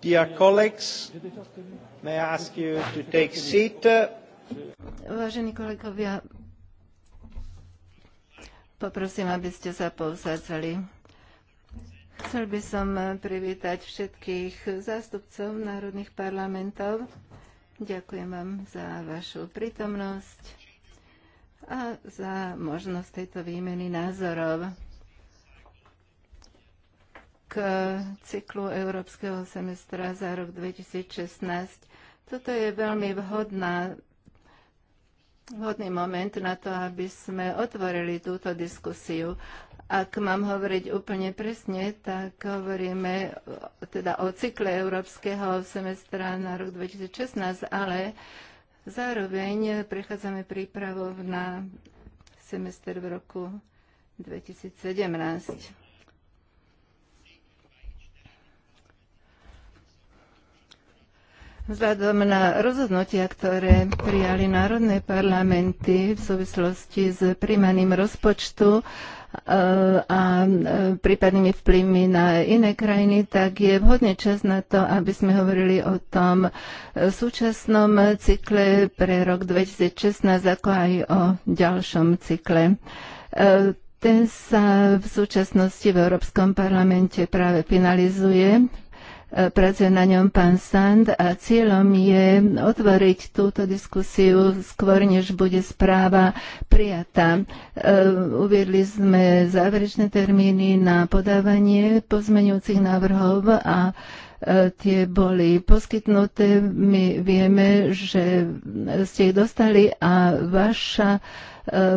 Dear colleagues, may I ask you to take seat? Vážení kolegovia, poprosím, aby ste sa povzádzali. Chcel by som privítať všetkých zástupcov národných parlamentov. Ďakujem vám za vašu prítomnosť a za možnosť tejto výmeny názorov k e, cyklu Európskeho semestra za rok 2016. Toto je veľmi vhodná, vhodný moment na to, aby sme otvorili túto diskusiu. Ak mám hovoriť úplne presne, tak hovoríme e, teda o cykle Európskeho semestra na rok 2016, ale zároveň prechádzame prípravou na semester v roku 2017. Vzhľadom na rozhodnutia, ktoré prijali národné parlamenty v súvislosti s príjmaním rozpočtu e, a e, prípadnými vplyvmi na iné krajiny, tak je vhodne čas na to, aby sme hovorili o tom súčasnom cykle pre rok 2016, ako aj o ďalšom cykle. E, ten sa v súčasnosti v Európskom parlamente práve finalizuje E, pracuje na ňom pán Sand a cieľom je otvoriť túto diskusiu skôr, než bude správa prijatá. E, uviedli sme záverečné termíny na podávanie pozmeňujúcich návrhov a e, tie boli poskytnuté. My vieme, že ste ich dostali a vaša,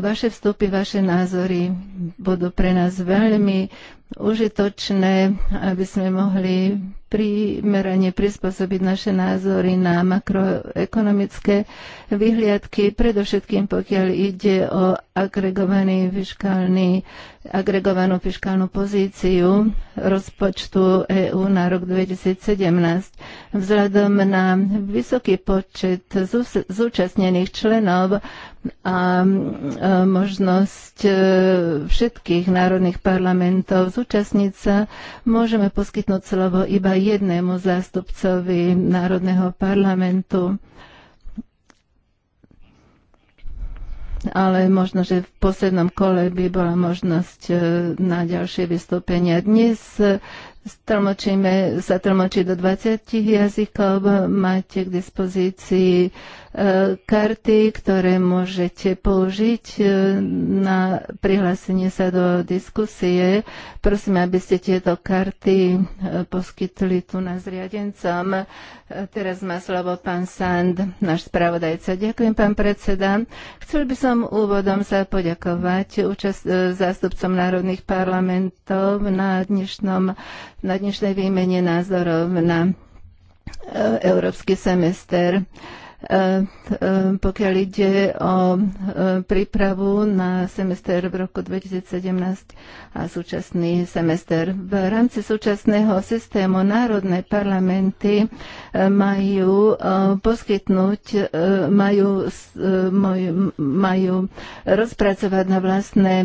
vaše vstupy, vaše názory budú pre nás veľmi užitočné, aby sme mohli primerane prispôsobiť naše názory na makroekonomické vyhliadky, predovšetkým pokiaľ ide o agregovaný fiskálny, agregovanú fiskálnu pozíciu rozpočtu EÚ na rok 2017. Vzhľadom na vysoký počet zúčastnených členov a možnosť e, všetkých národných parlamentov zúčastniť sa, môžeme poskytnúť slovo iba jednému zástupcovi Národného parlamentu. ale možno, že v poslednom kole by bola možnosť e, na ďalšie vystúpenia. Dnes e, sa tlmočí do 20 jazykov, máte k dispozícii karty, ktoré môžete použiť e, na prihlásenie sa do diskusie. Prosím, aby ste tieto karty e, poskytli tu na zriadencom. E, teraz má slovo pán Sand, náš spravodajca. Ďakujem, pán predseda. Chcel by som úvodom sa poďakovať účast, zástupcom národných parlamentov na, dnešnom, na dnešnej výmene názorov na európsky semester. Uh, Ehm, ehm, pokiaľ ide o ehm, prípravu na semester v roku 2017 a súčasný semester. V rámci súčasného systému národné parlamenty majú poskytnúť, majú, majú rozpracovať na vlastné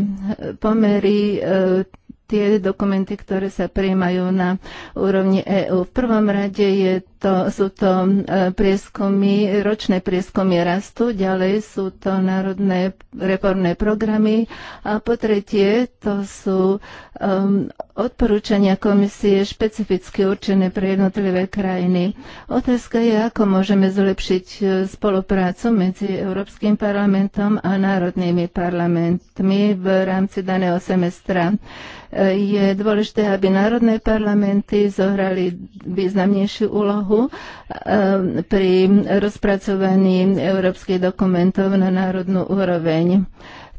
pomery tie dokumenty, ktoré sa prijímajú na úrovni EÚ. V prvom rade je to, sú to e, prieskumy, ročné prieskumy rastu, ďalej sú to národné reformné programy a po tretie to sú um, odporúčania komisie špecificky určené pre jednotlivé krajiny. Otázka je, ako môžeme zlepšiť e, spoluprácu medzi Európskym parlamentom a národnými parlamentmi v rámci daného semestra. Je dôležité, aby národné parlamenty zohrali významnejšiu úlohu e, pri rozpracovaní európskych dokumentov na národnú úroveň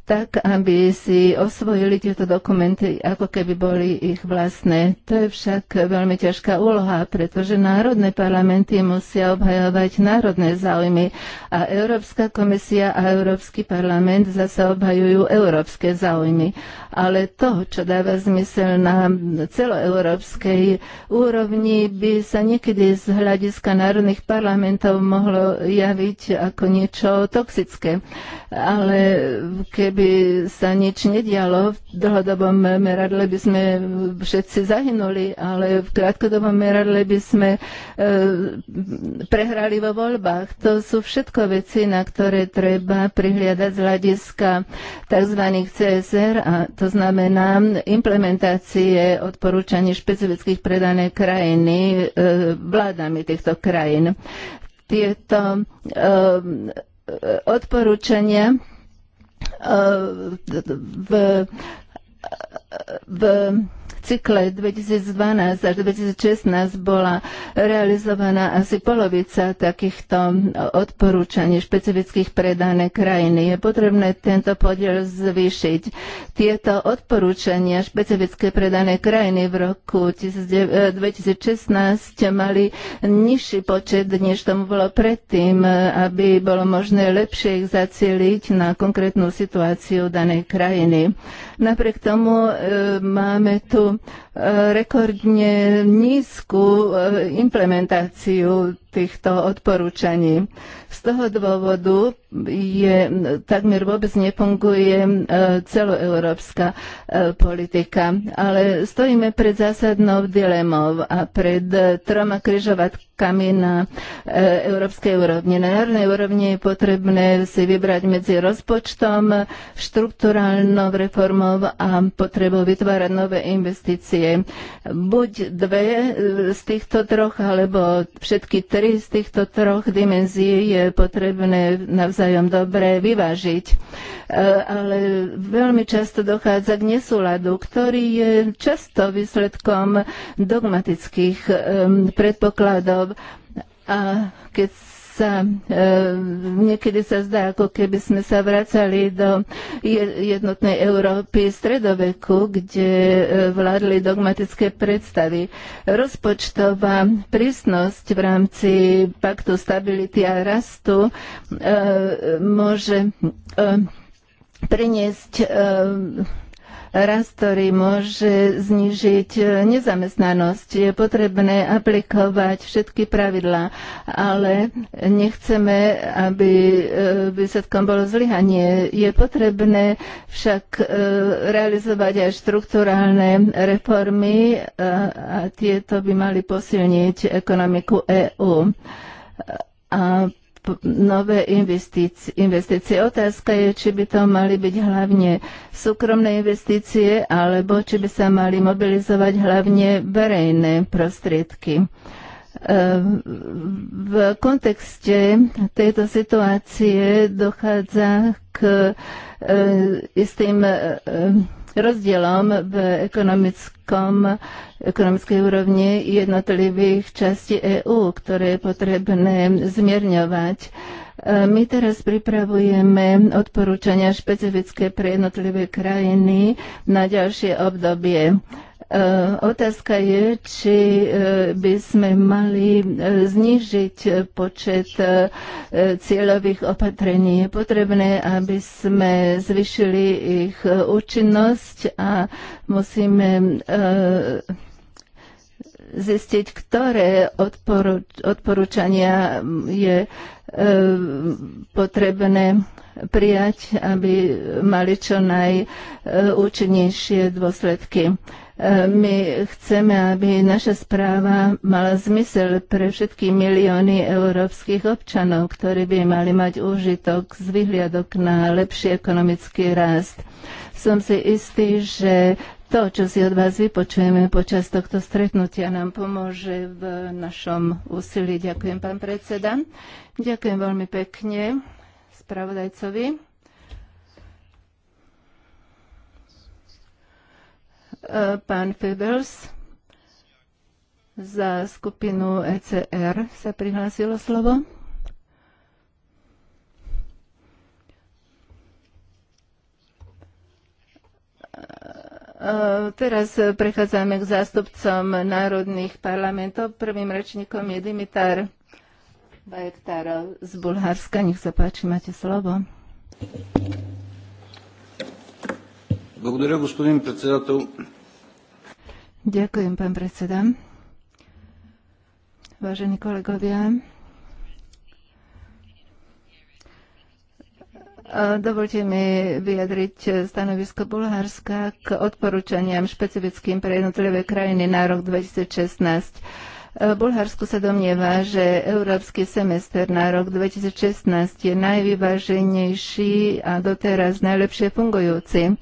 tak, aby si osvojili tieto dokumenty, ako keby boli ich vlastné. To je však veľmi ťažká úloha, pretože národné parlamenty musia obhajovať národné záujmy a Európska komisia a Európsky parlament zase obhajujú európske záujmy. Ale to, čo dáva zmysel na celoeurópskej úrovni, by sa niekedy z hľadiska národných parlamentov mohlo javiť ako niečo toxické. Ale keď keby sa nič nedialo, v dlhodobom meradle by sme všetci zahynuli, ale v krátkodobom meradle by sme e, prehrali vo voľbách. To sú všetko veci, na ktoré treba prihliadať z hľadiska tzv. CSR, a to znamená implementácie odporúčaní špecifických predané krajiny e, vládami týchto krajín. Tieto e, odporúčania v, v cykle 2012 až 2016 bola realizovaná asi polovica takýchto odporúčaní špecifických pre dané krajiny. Je potrebné tento podiel zvýšiť. Tieto odporúčania špecifické pre dané krajiny v roku 2016 mali nižší počet, než tomu bolo predtým, aby bolo možné lepšie ich zacieliť na konkrétnu situáciu danej krajiny. Napriek tomu e, máme tu rekordne nízku eh, implementáciu týchto odporúčaní. Z toho dôvodu je, takmer vôbec nefunguje eh, celoeurópska eh, politika, ale stojíme pred zásadnou dilemou a pred troma kryžovatkami na európskej úrovni. Na národnej úrovni je potrebné si vybrať medzi rozpočtom, štruktúrálnou reformou a potrebou vytvárať nové investície je Buď dve z týchto troch, alebo všetky tri z týchto troch dimenzií je potrebné navzájom dobre vyvážiť. E, ale veľmi často dochádza k nesúladu, ktorý je často výsledkom dogmatických predpokladov. A keď sa, e, niekedy sa zdá, ako keby sme sa vracali do jednotnej Európy stredoveku, kde e, vládli dogmatické predstavy. Rozpočtová prísnosť v rámci paktu stability a rastu e, môže priniesť rast, ktorý môže znižiť nezamestnanosť. Je potrebné aplikovať všetky pravidlá, ale nechceme, aby e, výsledkom bolo zlyhanie. Je potrebné však e, realizovať aj štruktúrálne reformy e, a tieto by mali posilniť ekonomiku EÚ. A nové investície. investície. Otázka je, či by to mali byť hlavne súkromné investície, alebo či by sa mali mobilizovať hlavne verejné prostriedky. E, v kontexte tejto situácie dochádza k e, istým e, rozdielom v ekonomickom, ekonomickej úrovni jednotlivých častí EÚ, ktoré je potrebné zmierňovať. E, my teraz pripravujeme odporúčania špecifické pre jednotlivé krajiny na ďalšie obdobie Eh, otázka je, či eh, by sme mali eh, znižiť počet cieľových opatrení. Je potrebné, aby sme zvyšili ich účinnosť a musíme zistiť, ktoré odporúčania je potrebné prijať, aby mali čo najúčinnejšie dôsledky. E, my chceme, aby naša správa mala zmysel pre všetky milióny európskych občanov, ktorí by mali mať úžitok z vyhliadok na lepší ekonomický rast. Som si istý, že to, čo si od vás vypočujeme počas tohto stretnutia, nám pomôže v našom úsilí. Ďakujem, pán predseda. Ďakujem veľmi pekne spravodajcovi. Eh, pán Febels za skupinu ECR sa prihlásilo slovo. Eh, teraz prechádzame k zástupcom národných parlamentov. Prvým rečníkom je Dimitar Bajektarov z Bulharska. Nech sa páči, máte slovo. Благодаря, господин председател. Ďakujem, pán predseda. Dovolte mi vyjadriť stanovisko Bulharska k odporúčaniam špecifickým pre jednotlivé krajiny na rok 2016. Bulharsku sa domnieva, že európsky semester na rok 2016 je najvyváženejší a doteraz najlepšie fungujúci.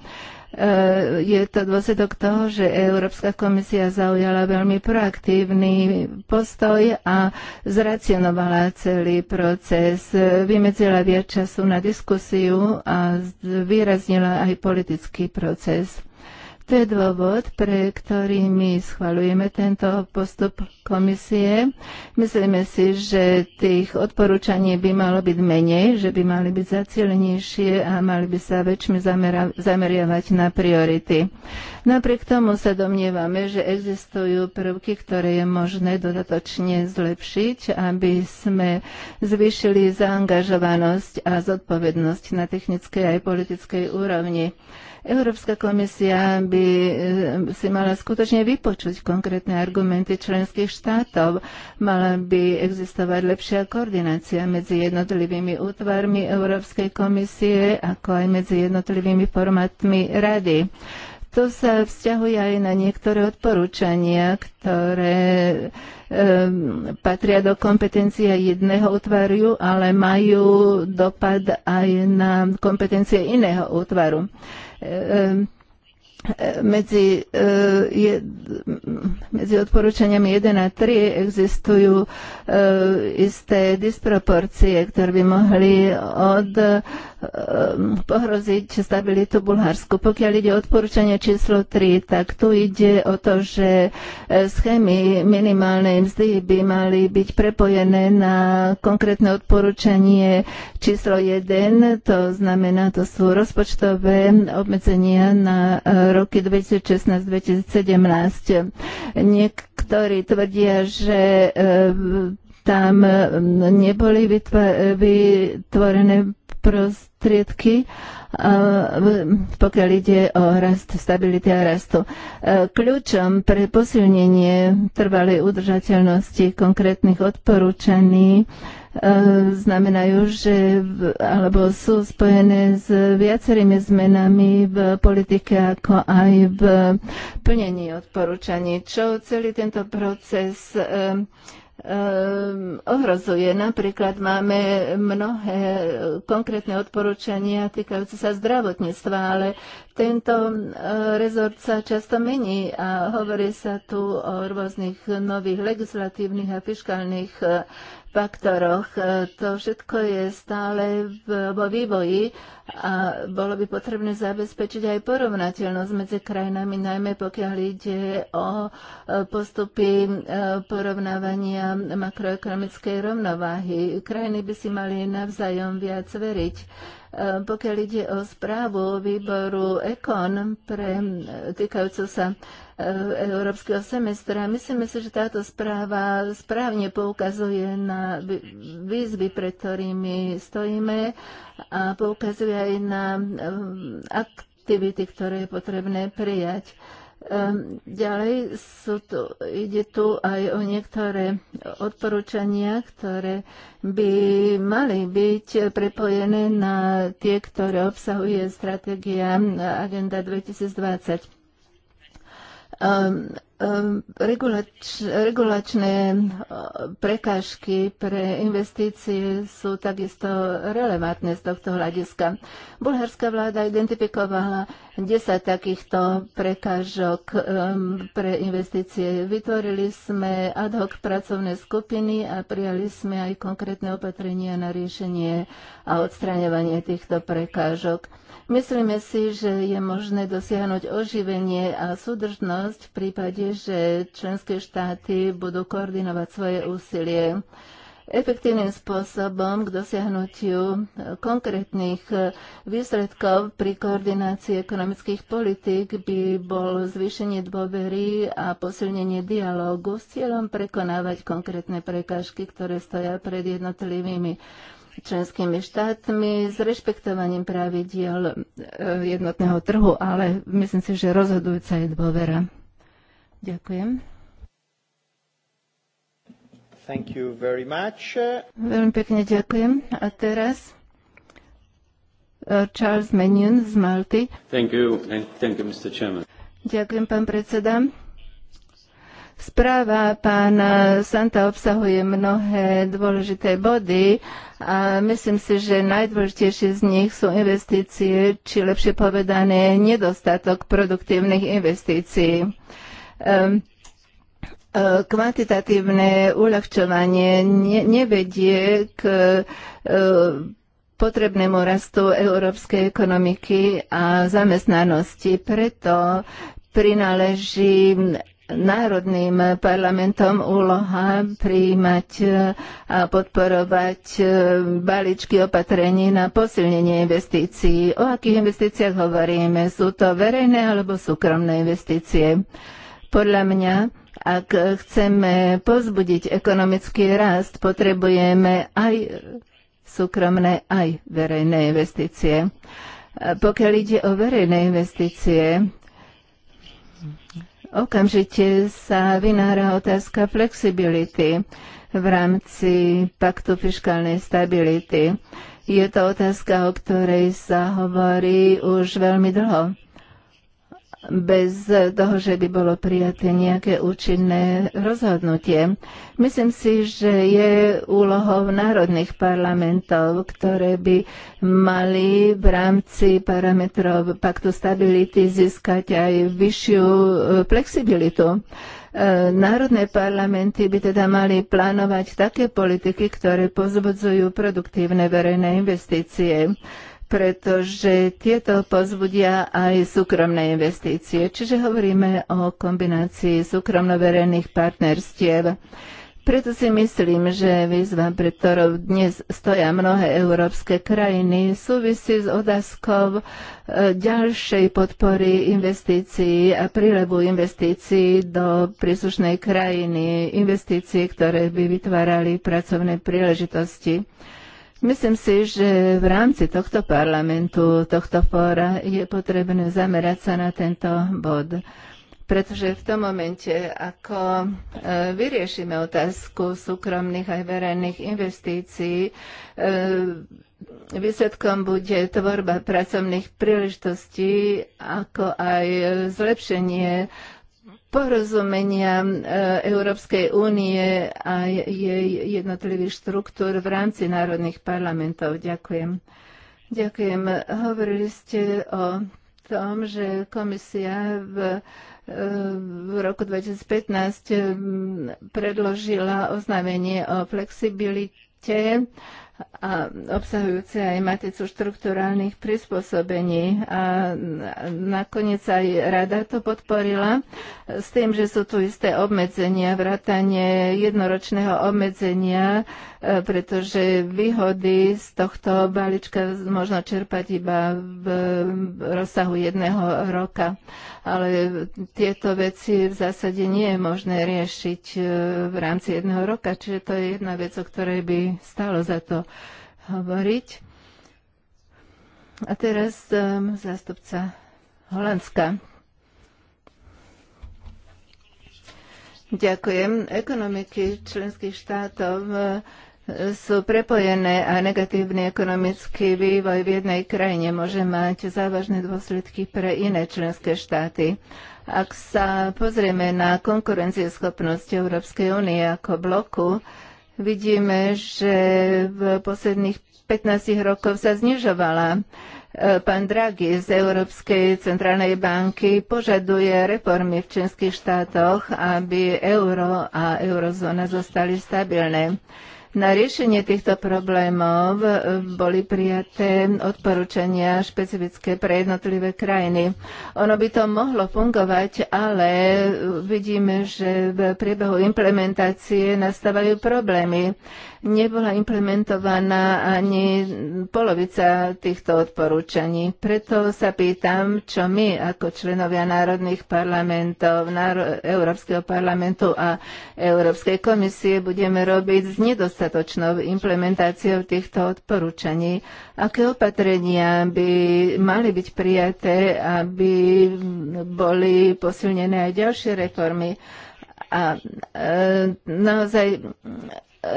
Eh, je to dôsledok toho, že Európska komisia zaujala veľmi proaktívny postoj a zracionovala celý proces. Vymedzila viac času na diskusiu a výraznila aj politický proces. To je dôvod, pre ktorý my schvalujeme tento postup komisie. Myslíme si, že tých odporúčaní by malo byť menej, že by mali byť zacielenejšie a mali by sa väčšmi zamera- zameriavať na priority. Napriek tomu sa domnievame, že existujú prvky, ktoré je možné dodatočne zlepšiť, aby sme zvýšili zaangažovanosť a zodpovednosť na technickej aj politickej úrovni. Európska komisia by eh, si mala skutočne vypočuť konkrétne argumenty členských štátov. Mala by existovať lepšia koordinácia medzi jednotlivými útvarmi Európskej komisie, ako aj medzi jednotlivými formátmi rady. To sa vzťahuje aj na niektoré odporúčania, ktoré e, patria do kompetencie jedného útvaru, ale majú dopad aj na kompetencie iného útvaru. E, Ehm, ehm, medzi, eh, medzi odporúčaniami 1 a 3 existujú eh, isté disproporcie, ktoré by mohli od Ehm, pohroziť stabilitu Bulharsku. Pokiaľ ide o odporúčanie číslo 3, tak tu ide o to, že e, schémy minimálnej mzdy by mali byť prepojené na konkrétne odporúčanie číslo 1, to znamená, to sú rozpočtové obmedzenia na e, roky 2016-2017. Niektorí tvrdia, že e, tam neboli vytvorené prostriedky, e, pokiaľ ide o rast stability a rastu. E, kľúčom pre posilnenie trvalej udržateľnosti konkrétnych odporúčaní e, znamenajú, že alebo sú spojené s viacerými zmenami v politike, ako aj v plnení odporúčaní. Čo celý tento proces Ehm, ohrozuje. Napríklad máme mnohé konkrétne odporúčania týkajúce sa zdravotníctva, ale tento ehm, rezort sa často mení a hovorí sa tu o rôznych nových legislatívnych a fiskálnych ehm, faktoroch. E, to všetko je stále vo vývoji a bolo by potrebné zabezpečiť aj porovnateľnosť medzi krajinami, najmä pokiaľ ide o e, postupy e, porovnávania makroekonomickej rovnováhy. Krajiny by si mali navzájom viac veriť pokiaľ ide o správu výboru EKON pre týkajúcu sa európskeho semestra. Myslím si, že táto správa správne poukazuje na výzvy, pred ktorými stojíme a poukazuje aj na eh, aktivity, ktoré je potrebné prijať. Ehm, ďalej sú tu, ide tu aj o niektoré odporúčania, ktoré by mali byť prepojené na tie, ktoré obsahuje stratégia Agenda 2020. Ehm, ehm, regulač, regulačné e, prekážky pre investície sú takisto relevantné z tohto hľadiska. Bulharská vláda identifikovala 10 takýchto prekážok pre investície. Vytvorili sme ad hoc pracovné skupiny a prijali sme aj konkrétne opatrenia na riešenie a odstraňovanie týchto prekážok. Myslíme si, že je možné dosiahnuť oživenie a súdržnosť v prípade, že členské štáty budú koordinovať svoje úsilie efektívnym spôsobom k dosiahnutiu e, konkrétnych e, výsledkov pri koordinácii ekonomických politík by bol zvýšenie dôvery a posilnenie dialógu s cieľom prekonávať konkrétne prekážky, ktoré stoja pred jednotlivými členskými štátmi s rešpektovaním pravidiel e, jednotného trhu, ale myslím si, že rozhodujúca je dôvera. Ďakujem. Thank you very much. Veľmi pekne ďakujem. A teraz e, Charles Menion z Malty. Thank you. Thank you, Mr. Chairman. Ďakujem, pán predseda. Správa pána Santa obsahuje mnohé dôležité body a myslím si, že najdôležitejšie z nich sú investície, či lepšie povedané nedostatok produktívnych investícií. Um, E, kvantitatívne uľahčovanie nevedie k e, potrebnému rastu európskej ekonomiky a zamestnanosti. Preto prináleží národným parlamentom úloha prijímať a podporovať e, balíčky opatrení na posilnenie investícií. O akých investíciách hovoríme? Sú to verejné alebo súkromné investície? Podľa mňa ak chceme pozbudiť ekonomický rast, potrebujeme aj súkromné, aj verejné investície. Pokiaľ ide o verejné investície, okamžite sa vynára otázka flexibility v rámci paktu fiskálnej stability. Je to otázka, o ktorej sa hovorí už veľmi dlho bez toho, že by bolo prijaté nejaké účinné rozhodnutie. Myslím si, že je úlohou národných parlamentov, ktoré by mali v rámci parametrov paktu stability získať aj vyššiu e, flexibilitu e, národné parlamenty by teda mali plánovať také politiky, ktoré pozbudzujú produktívne verejné investície pretože tieto pozbudia aj súkromné investície. Čiže hovoríme o kombinácii súkromno-verejných partnerstiev. Preto si myslím, že výzva, pre ktorou dnes stoja mnohé európske krajiny, súvisí s otázkou e, ďalšej podpory investícií a prílevu investícií do príslušnej krajiny, investícií, ktoré by vytvárali pracovné príležitosti. Myslím si, že v rámci tohto parlamentu, tohto fóra je potrebné zamerať sa na tento bod pretože v tom momente, ako e, vyriešime otázku súkromných aj verejných investícií, e, výsledkom bude tvorba pracovných príležitostí, ako aj zlepšenie porozumenia e, Európskej únie a jej jednotlivých štruktúr v rámci národných parlamentov. Ďakujem. Ďakujem. Hovorili ste o tom, že komisia v, e, v roku 2015 predložila oznámenie o flexibilite a obsahujúce aj maticu štruktúrálnych prispôsobení. A nakoniec aj rada to podporila s tým, že sú tu isté obmedzenia, vrátanie jednoročného obmedzenia, e, pretože výhody z tohto balíčka možno čerpať iba v rozsahu jedného roka. Ale tieto veci v zásade nie je možné riešiť e, v rámci jedného roka, čiže to je jedna vec, o ktorej by stalo za to hovoriť. A teraz um, zástupca Holandska. Ďakujem. Ekonomiky členských štátov uh, sú prepojené a negatívny ekonomický vývoj v jednej krajine môže mať závažné dôsledky pre iné členské štáty. Ak sa pozrieme na konkurencieschopnosť Európskej únie ako bloku, vidíme, že v posledných 15 rokoch sa znižovala. E, pán Draghi z Európskej centrálnej banky požaduje reformy v členských štátoch, aby euro a eurozóna zostali stabilné. Na riešenie týchto problémov e, boli prijaté odporúčania špecifické pre jednotlivé krajiny. Ono by to mohlo fungovať, ale vidíme, že v priebehu implementácie nastávajú problémy nebola implementovaná ani polovica týchto odporúčaní. Preto sa pýtam, čo my ako členovia národných parlamentov, Náro- Európskeho parlamentu a Európskej komisie budeme robiť s nedostatočnou implementáciou týchto odporúčaní. Aké opatrenia by mali byť prijaté, aby boli posilnené aj ďalšie reformy? A e, naozaj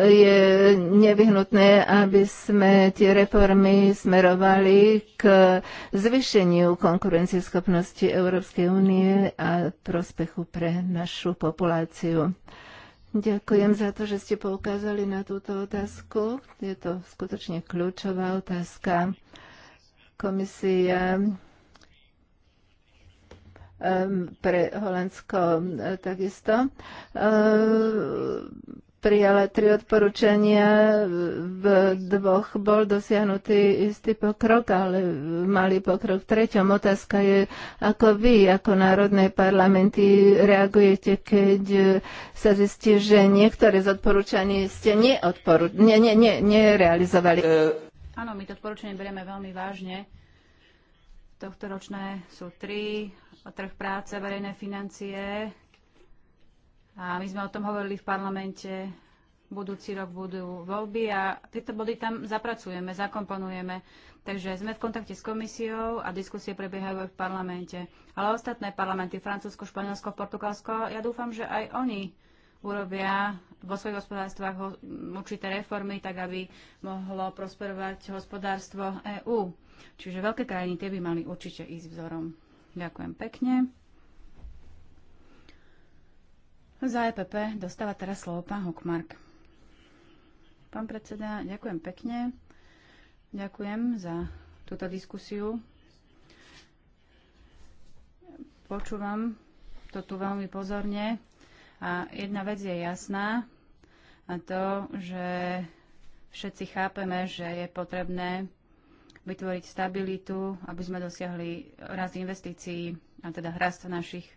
je nevyhnutné, aby sme tie reformy smerovali k zvýšeniu konkurencieschopnosti Európskej únie a prospechu pre našu populáciu. Ďakujem za to, že ste poukázali na túto otázku. Je to skutočne kľúčová otázka. Komisia ehm, pre Holandsko e, takisto e, prijala tri odporúčania, v dvoch bol dosiahnutý istý pokrok, ale malý pokrok v treťom. Otázka je, ako vy, ako národné parlamenty, reagujete, keď sa zistí, že niektoré z odporúčaní ste neodporu- ne, ne, ne, nerealizovali. E- Áno, my to odporúčanie berieme veľmi vážne. Tohto ročné sú tri, trh práce, verejné financie, a my sme o tom hovorili v parlamente. Budúci rok budú voľby a tieto body tam zapracujeme, zakomponujeme. Takže sme v kontakte s komisiou a diskusie prebiehajú aj v parlamente. Ale ostatné parlamenty, Francúzsko, Španielsko, Portugalsko, ja dúfam, že aj oni urobia vo svojich hospodárstvách určité reformy, tak aby mohlo prosperovať hospodárstvo EÚ. Čiže veľké krajiny tie by mali určite ísť vzorom. Ďakujem pekne. Za EPP dostáva teraz slovo pán Hokmark. Pán predseda, ďakujem pekne. Ďakujem za túto diskusiu. Počúvam to tu veľmi pozorne a jedna vec je jasná a to, že všetci chápeme, že je potrebné vytvoriť stabilitu, aby sme dosiahli rast investícií a teda rast našich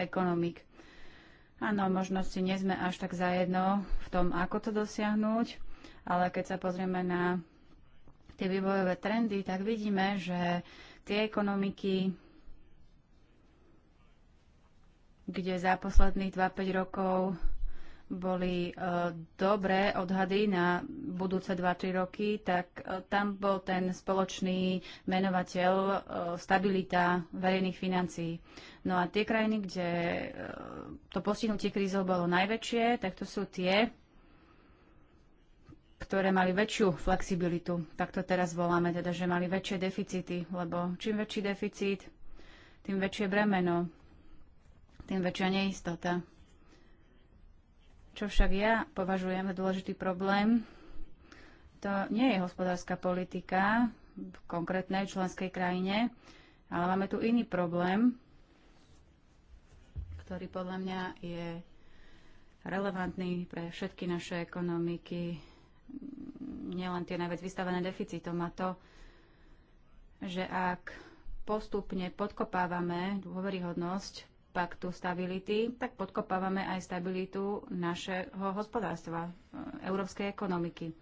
ekonomik. Áno, možno si nie sme až tak zajedno v tom, ako to dosiahnuť, ale keď sa pozrieme na tie vývojové trendy, tak vidíme, že tie ekonomiky, kde za posledných 2-5 rokov boli e, dobré odhady na budúce 2-3 roky, tak e, tam bol ten spoločný menovateľ e, stabilita verejných financií. No a tie krajiny, kde e, to postihnutie krízov bolo najväčšie, tak to sú tie, ktoré mali väčšiu flexibilitu. Tak to teraz voláme, teda, že mali väčšie deficity, lebo čím väčší deficit, tým väčšie bremeno, tým väčšia neistota. Čo však ja považujem za dôležitý problém, to nie je hospodárska politika v konkrétnej členskej krajine, ale máme tu iný problém, ktorý podľa mňa je relevantný pre všetky naše ekonomiky, nielen tie najviac vystavené deficitom a to, že ak postupne podkopávame dôveryhodnosť paktu stability, tak podkopávame aj stabilitu našeho hospodárstva, európskej ekonomiky.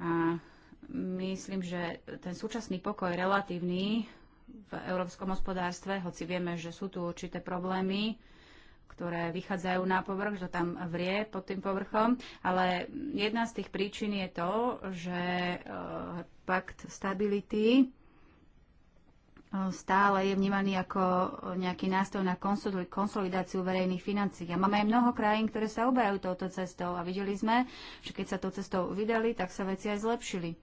A myslím, že ten súčasný pokoj relatívny v európskom hospodárstve, hoci vieme, že sú tu určité problémy, ktoré vychádzajú na povrch, že tam vrie pod tým povrchom, ale jedna z tých príčin je to, že eh, pakt stability eh, stále je vnímaný ako nejaký nástroj na konsolidáciu verejných financií. A máme aj mnoho krajín, ktoré sa obajú touto cestou. A videli sme, že keď sa tou cestou vydali, tak sa veci aj zlepšili.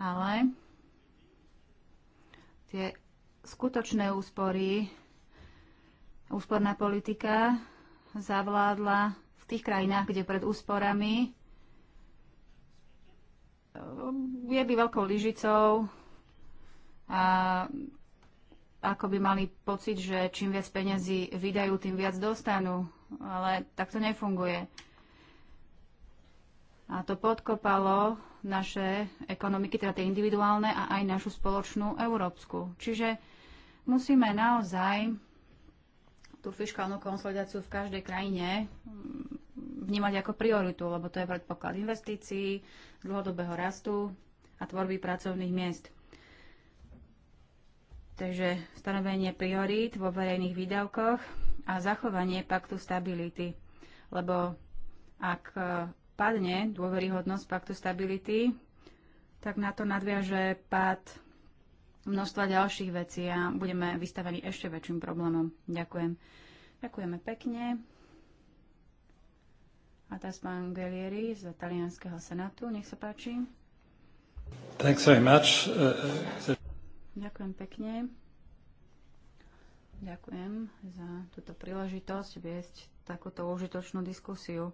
Ale tie skutočné úspory, úsporná politika zavládla v tých krajinách, kde pred úsporami eh, je by veľkou lyžicou a ako by mali pocit, že čím viac peňazí vydajú, tým viac dostanú. Ale tak to nefunguje. A to podkopalo naše ekonomiky, teda tie individuálne a aj našu spoločnú európsku. Čiže Musíme naozaj tú fiskálnu konsolidáciu v každej krajine mm, vnímať ako prioritu, lebo to je predpoklad investícií, dlhodobého rastu a tvorby pracovných miest. Takže stanovenie priorít vo verejných výdavkoch a zachovanie paktu stability. Lebo ak e, padne dôveryhodnosť paktu stability, tak na to nadviaže pád množstva ďalších vecí a budeme vystavení ešte väčším problémom. Ďakujem. Ďakujeme pekne. A teraz pán Gellieri z Talianského senátu, nech sa páči. Thanks very much. Uh, uh, Ďakujem pekne. Ďakujem za túto príležitosť viesť takúto užitočnú diskusiu.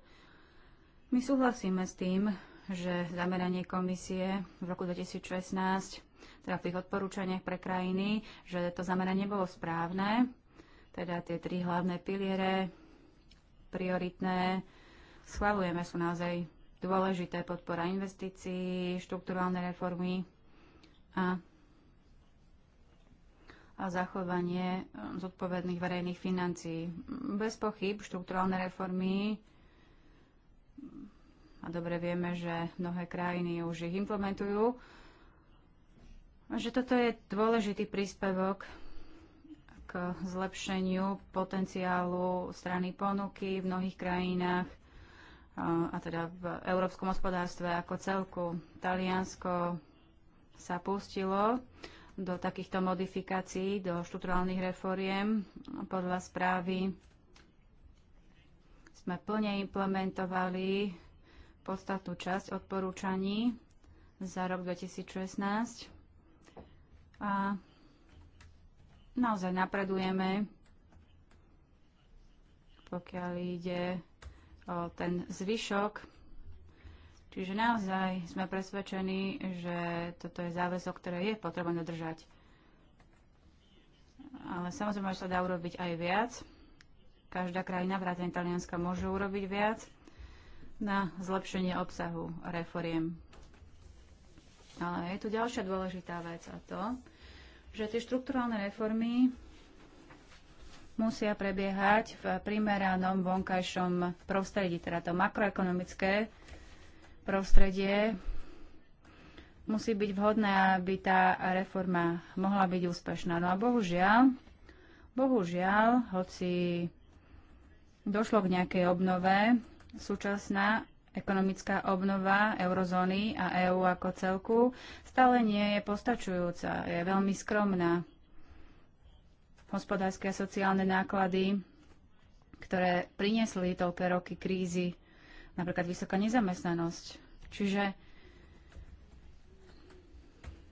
My súhlasíme s tým, že zameranie komisie v roku 2016 teda v tých odporúčaniach pre krajiny, že to zameranie bolo správne, teda tie tri hlavné piliere, prioritné, schvalujeme sú naozaj dôležité podpora investícií, štruktúrálne reformy a, a zachovanie um, zodpovedných verejných financií. Bez pochyb štruktúrálne reformy a dobre vieme, že mnohé krajiny už ich implementujú, že toto je dôležitý príspevok k zlepšeniu potenciálu strany ponuky v mnohých krajinách a teda v európskom hospodárstve ako celku. Taliansko sa pustilo do takýchto modifikácií, do štruktúrálnych refóriem. Podľa správy sme plne implementovali podstatnú časť odporúčaní za rok 2016 a naozaj napredujeme, pokiaľ ide o ten zvyšok. Čiže naozaj sme presvedčení, že toto je záväzok, ktoré je potrebné dodržať. Ale samozrejme, že sa dá urobiť aj viac. Každá krajina, vrátane Talianska, môže urobiť viac na zlepšenie obsahu reforiem. Ale je tu ďalšia dôležitá vec a to, že tie štruktúrálne reformy musia prebiehať v primeranom vonkajšom prostredí, teda to makroekonomické prostredie musí byť vhodné, aby tá reforma mohla byť úspešná. No a bohužiaľ, bohužiaľ, hoci došlo k nejakej obnove, súčasná Ekonomická obnova eurozóny a EÚ ako celku stále nie je postačujúca, je veľmi skromná. Hospodárske a sociálne náklady, ktoré priniesli toľké roky krízy, napríklad vysoká nezamestnanosť. Čiže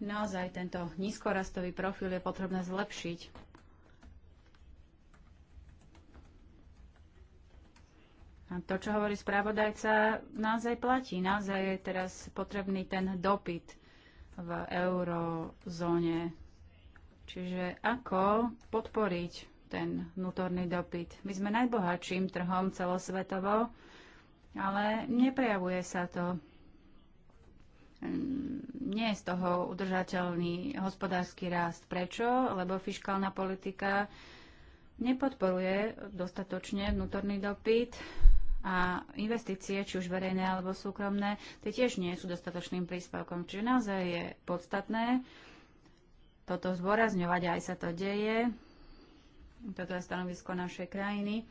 naozaj tento nízkorastový profil je potrebné zlepšiť A to, čo hovorí správodajca, naozaj platí. Naozaj je teraz potrebný ten dopyt v eurozóne. Čiže ako podporiť ten vnútorný dopyt? My sme najbohatším trhom celosvetovo, ale neprejavuje sa to. Mm, nie je z toho udržateľný hospodársky rast. Prečo? Lebo fiskálna politika nepodporuje dostatočne vnútorný dopyt a investície, či už verejné alebo súkromné, tie tiež nie sú dostatočným príspevkom. Čiže naozaj je podstatné toto zdôrazňovať, aj sa to deje. Toto je stanovisko našej krajiny.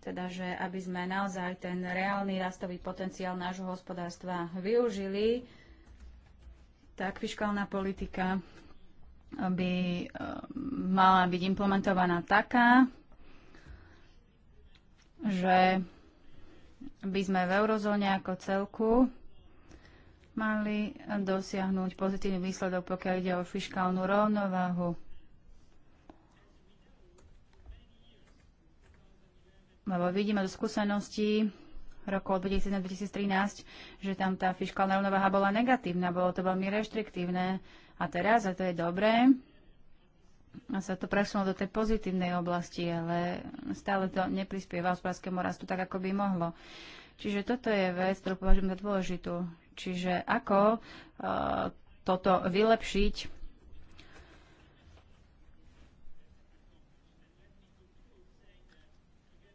Teda, že aby sme naozaj ten reálny rastový potenciál nášho hospodárstva využili, tak fiskálna politika by eh, mala byť implementovaná taká, že by sme v eurozóne ako celku mali dosiahnuť pozitívny výsledok, pokiaľ ide o fiskálnu rovnováhu. Lebo vidíme do skúseností rokov 2013, že tam tá fiskálna rovnováha bola negatívna, bolo to veľmi reštriktívne. A teraz, a to je dobré, sa to presunulo do tej pozitívnej oblasti, ale stále to neprispieva hospodárskému rastu tak, ako by mohlo. Čiže toto je vec, ktorú považujem za dôležitú. Čiže ako uh, toto vylepšiť,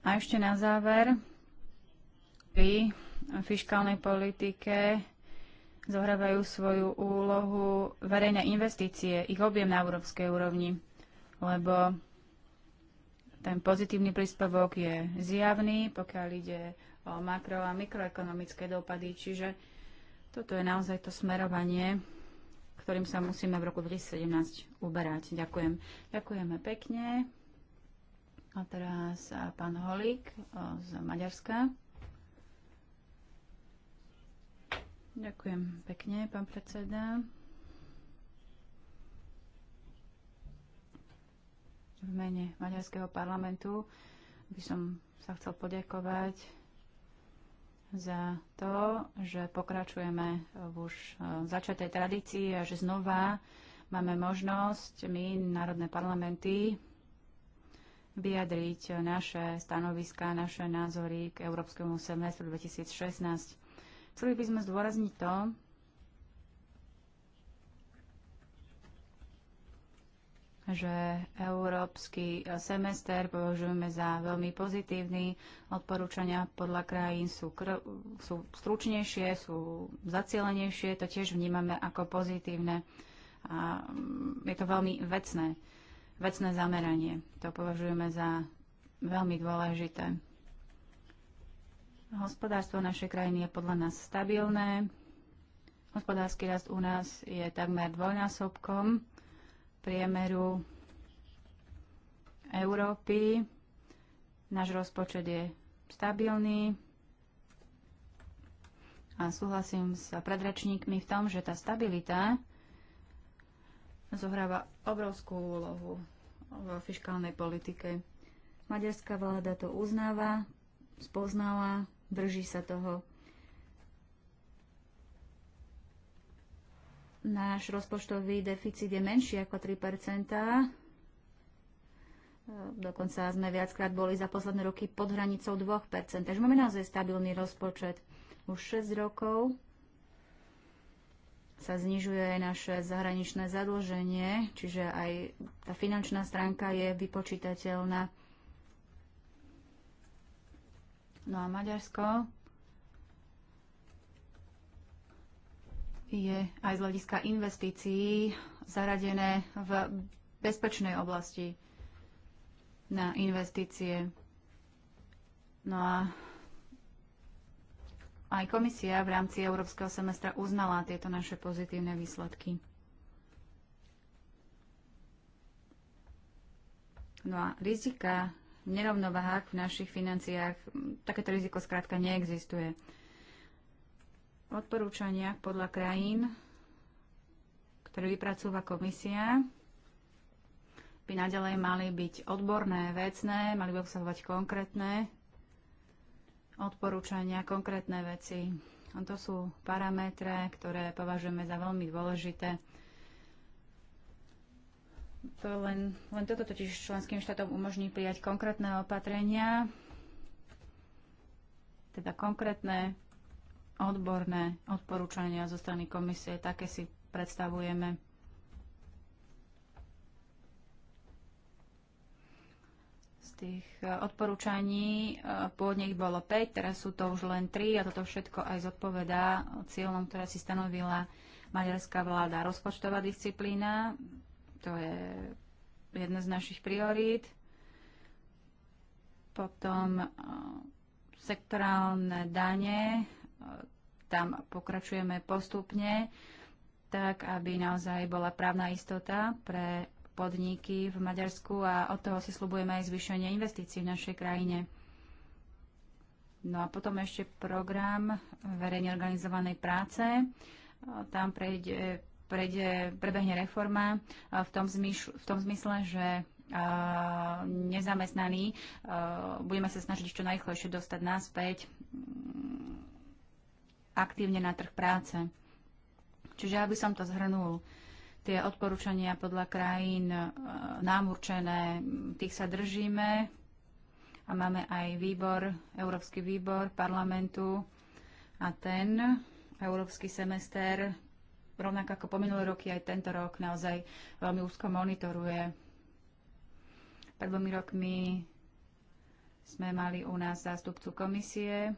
A ešte na záver, pri fiskálnej politike zohrávajú svoju úlohu verejné investície, ich objem na európskej úrovni lebo ten pozitívny príspevok je zjavný, pokiaľ ide o makro- a mikroekonomické dopady. Čiže toto je naozaj to smerovanie, ktorým sa musíme v roku 2017 uberať. Ďakujem. Ďakujeme pekne. A teraz pán Holík z Maďarska. Ďakujem pekne, pán predseda. v mene Maďarského parlamentu by som sa chcel poďakovať za to, že pokračujeme v už e, začatej tradícii a že znova máme možnosť my, národné parlamenty, vyjadriť naše stanoviská, naše názory k Európskemu semestru 2016. Chceli by sme zdôrazniť to, že európsky semester považujeme za veľmi pozitívny. Odporúčania podľa krajín sú, kr- sú stručnejšie, sú zacielenejšie, to tiež vnímame ako pozitívne. A mm, je to veľmi vecné, vecné zameranie. To považujeme za veľmi dôležité. Hospodárstvo našej krajiny je podľa nás stabilné. Hospodársky rast u nás je takmer dvojnásobkom priemeru Európy. Náš rozpočet je stabilný a súhlasím s predračníkmi v tom, že tá stabilita zohráva obrovskú úlohu v fiskálnej politike. Maďarská vláda to uznáva, spoznala, drží sa toho náš rozpočtový deficit je menší ako 3 e, Dokonca sme viackrát boli za posledné roky pod hranicou 2 Takže máme naozaj stabilný rozpočet. Už 6 rokov sa znižuje aj naše zahraničné zadlženie, čiže aj tá finančná stránka je vypočítateľná. No a Maďarsko je aj z hľadiska investícií zaradené v bezpečnej oblasti na investície. No a aj komisia v rámci európskeho semestra uznala tieto naše pozitívne výsledky. No a rizika v nerovnovahách v našich financiách, takéto riziko skrátka neexistuje odporúčaniach podľa krajín, ktoré vypracúva komisia, by naďalej mali byť odborné, vecné, mali by obsahovať konkrétne odporúčania, konkrétne veci. A to sú parametre, ktoré považujeme za veľmi dôležité. To len, len toto totiž členským štátom umožní prijať konkrétne opatrenia, teda konkrétne odborné odporúčania zo strany komisie, také si predstavujeme. Z tých e, odporúčaní e, pôvodne ich bolo 5, teraz sú to už len 3 a toto všetko aj zodpovedá cieľom, ktoré si stanovila maďarská vláda. Rozpočtová disciplína, to je jedna z našich priorít. Potom e, sektorálne dane, tam pokračujeme postupne, tak aby naozaj bola právna istota pre podniky v Maďarsku a od toho si slubujeme aj zvýšenie investícií v našej krajine. No a potom ešte program verejne organizovanej práce. Tam prejde, prejde, prebehne reforma v tom, zmyšl, v tom zmysle, že nezamestnaní budeme sa snažiť čo najrychlejšie dostať naspäť aktívne na trh práce. Čiže aby som to zhrnul, tie odporúčania podľa krajín e, nám určené, tých sa držíme a máme aj výbor, Európsky výbor parlamentu a ten Európsky semester rovnako ako po minulé roky aj tento rok naozaj veľmi úzko monitoruje. Pred dvomi rokmi sme mali u nás zástupcu komisie,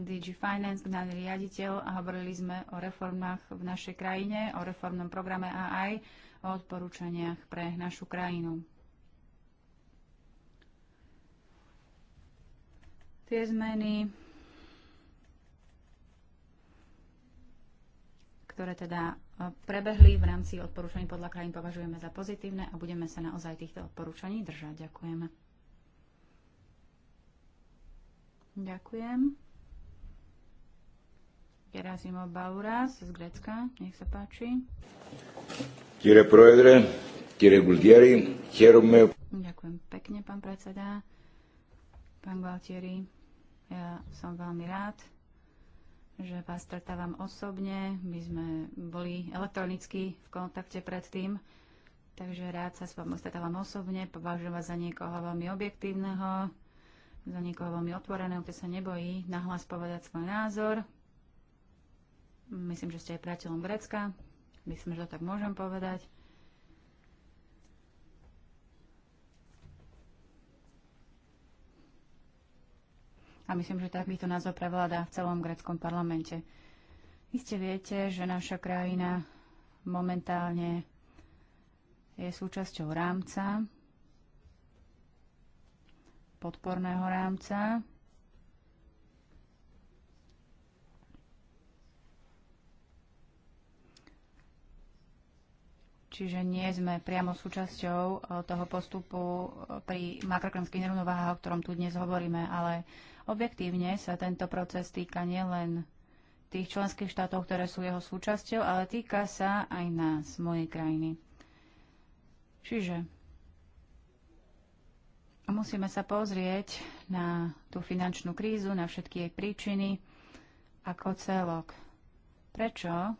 DG Finance, generálny riaditeľ a hovorili sme o reformách v našej krajine, o reformnom programe a aj o odporúčaniach pre našu krajinu. Tie zmeny, ktoré teda e, prebehli v rámci odporúčaní podľa krajín, považujeme za pozitívne a budeme sa naozaj týchto odporúčaní držať. Ďakujeme. Ďakujem. Gerasimo Bauras z Grecka. Nech sa páči. Kire proedre, kire Guldieri, chierume. Ďakujem pekne, pán predseda. Pán Gualtieri, ja som veľmi rád, že vás stretávam osobne. My sme boli elektronicky v kontakte predtým, takže rád sa s vami stretávam osobne. Považujem vás za niekoho veľmi objektívneho, za niekoho veľmi otvoreného, kto sa nebojí nahlas povedať svoj názor, Myslím, že ste aj priateľom Grecka, Myslím, že to tak môžem povedať. A myslím, že takýto názor prevládá v celom greckom parlamente. Iste viete, že naša krajina momentálne je súčasťou rámca, podporného rámca, Čiže nie sme priamo súčasťou eh, toho postupu eh, pri makroekonomických nerovnováhách, o ktorom tu dnes hovoríme, ale objektívne sa tento proces týka nielen tých členských štátov, ktoré sú jeho súčasťou, ale týka sa aj nás, mojej krajiny. Čiže musíme sa pozrieť na tú finančnú krízu, na všetky jej príčiny ako celok. Prečo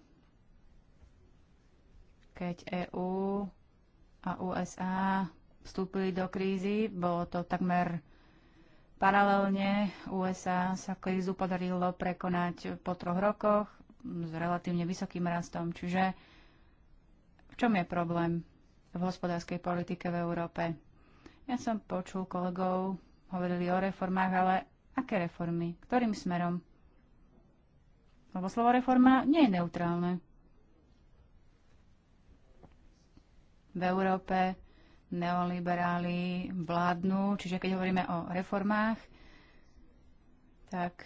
keď EÚ a USA vstúpili do krízy, bolo to takmer paralelne. USA sa krízu podarilo prekonať po troch rokoch s relatívne vysokým rastom. Čiže v čom je problém v hospodárskej politike v Európe? Ja som počul kolegov, hovorili o reformách, ale aké reformy? Ktorým smerom? Lebo slovo reforma nie je neutrálne. v Európe neoliberáli vládnu. Čiže keď hovoríme o reformách, tak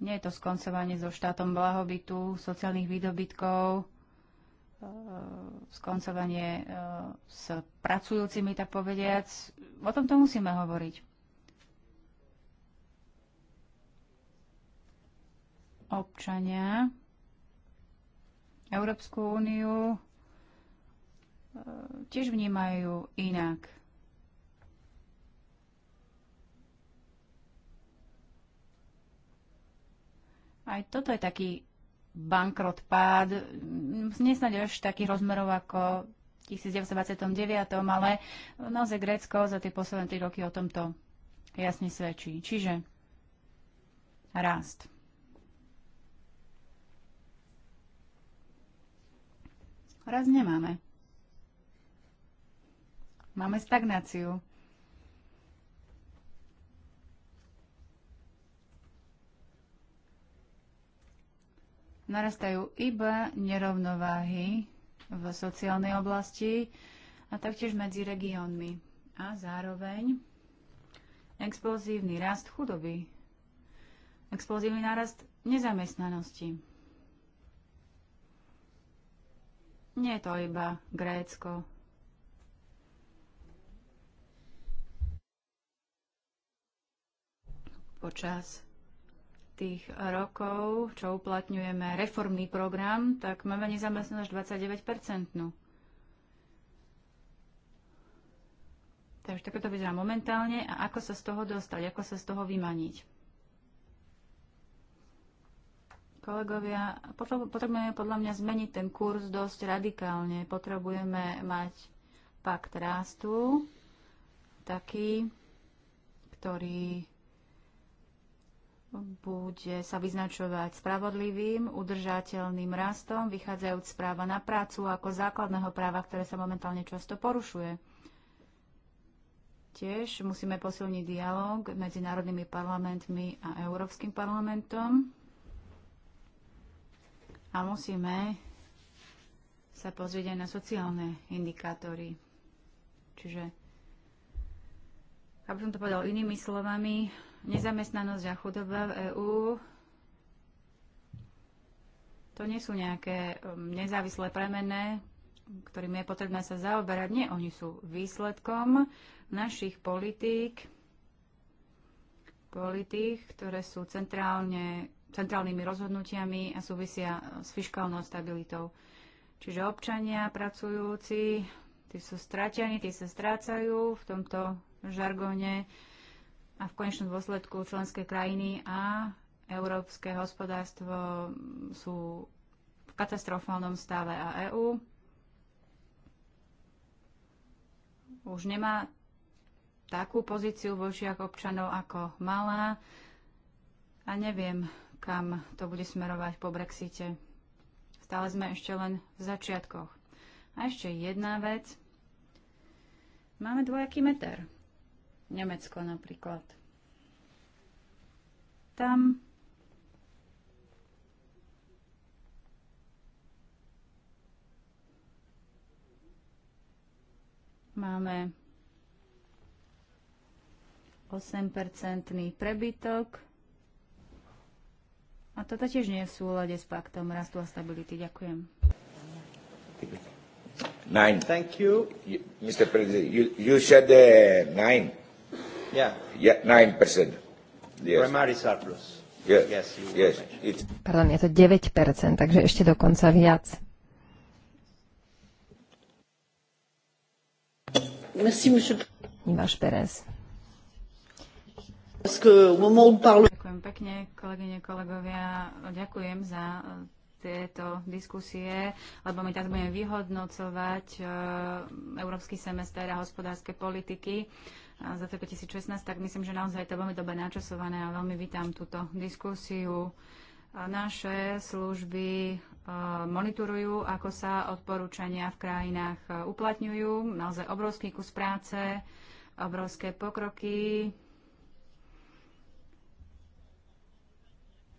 nie je to skoncovanie so štátom blahobytu, sociálnych výdobytkov, e, skoncovanie e, s pracujúcimi, tak povediac. O tom to musíme hovoriť. Občania Európsku úniu e, tiež vnímajú inak. Aj toto je taký bankrot pád, nesnáď až takých rozmerov ako v 1929, ale naozaj Grécko za tie posledné tri roky o tomto jasne svedčí. Čiže rast. raz nemáme. Máme stagnáciu. Narastajú iba nerovnováhy v sociálnej oblasti a taktiež medzi regiónmi. A zároveň explozívny rast chudoby, explozívny nárast nezamestnanosti. Nie je to iba Grécko. Počas tých rokov, čo uplatňujeme reformný program, tak máme nezamestnanosť 29 Takže takto to vyzerá momentálne a ako sa z toho dostať, ako sa z toho vymaniť. Kolegovia, potrebujeme podľa mňa zmeniť ten kurz dosť radikálne. Potrebujeme mať pakt rástu, taký, ktorý bude sa vyznačovať spravodlivým, udržateľným rastom, vychádzajúc z práva na prácu ako základného práva, ktoré sa momentálne často porušuje. Tiež musíme posilniť dialog medzi národnými parlamentmi a Európskym parlamentom a musíme sa pozrieť aj na sociálne indikátory. Čiže, aby som to povedal inými slovami, nezamestnanosť a chudoba v EÚ to nie sú nejaké um, nezávislé premené, ktorým je potrebné sa zaoberať. Nie, oni sú výsledkom našich politík, politík, ktoré sú centrálne centrálnymi rozhodnutiami a súvisia s fiskálnou stabilitou. Čiže občania pracujúci, tí sú stratení, tí sa strácajú v tomto žargóne a v konečnom dôsledku členské krajiny a európske hospodárstvo sú v katastrofálnom stave a EÚ už nemá takú pozíciu v očiach občanov, ako mala. A neviem, kam to bude smerovať po Brexite. Stále sme ešte len v začiatkoch. A ešte jedna vec. Máme dvojaký meter. Nemecko napríklad. Tam máme 8-percentný prebytok a to tiež nie je v súlade s paktom rastu a stability. Ďakujem. Nine. Thank you. Mr. President, you, you said uh, nine. Yeah. Yeah, nine percent. Yes. Primary surplus. Yes. Yes, yes. It's... Pardon, je to 9%, takže ešte dokonca viac. Merci, monsieur. Imáš Perez. Parce que au moment où parle... Ďakujem pekne, kolegyne, kolegovia. Ďakujem za e, tieto diskusie, lebo my tak budeme vyhodnocovať e, európsky semester a hospodárske politiky a e, za 2016, tak myslím, že naozaj to veľmi dobre načasované a veľmi vítam túto diskusiu. Naše služby monitorujú, ako sa odporúčania v krajinách uplatňujú. Naozaj obrovský kus práce, obrovské pokroky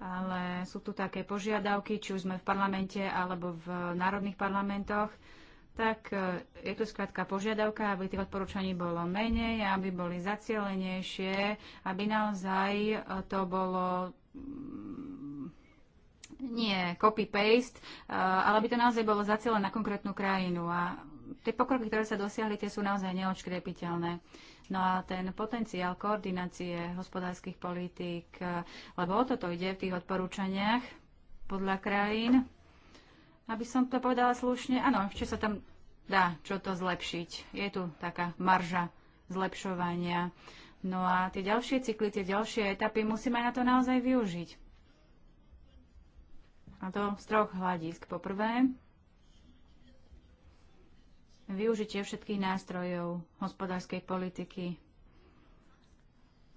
ale sú tu také požiadavky, či už sme v parlamente alebo v národných parlamentoch, tak e, je tu skrátka požiadavka, aby tých odporúčaní bolo menej, aby boli zacielenejšie, aby naozaj e, to bolo mm, nie copy-paste, e, ale aby to naozaj bolo zacielené na konkrétnu krajinu. A tie pokroky, ktoré sa dosiahli, tie sú naozaj neočkrepiteľné. No a ten potenciál koordinácie hospodárskych politík, e, lebo o toto ide v tých odporúčaniach podľa krajín, aby som to povedala slušne, áno, ešte sa tam dá čo to zlepšiť. Je tu taká marža zlepšovania. No a tie ďalšie cykly, tie ďalšie etapy musíme na to naozaj využiť. A to z troch hľadisk. Po prvé, využitie všetkých nástrojov hospodárskej politiky,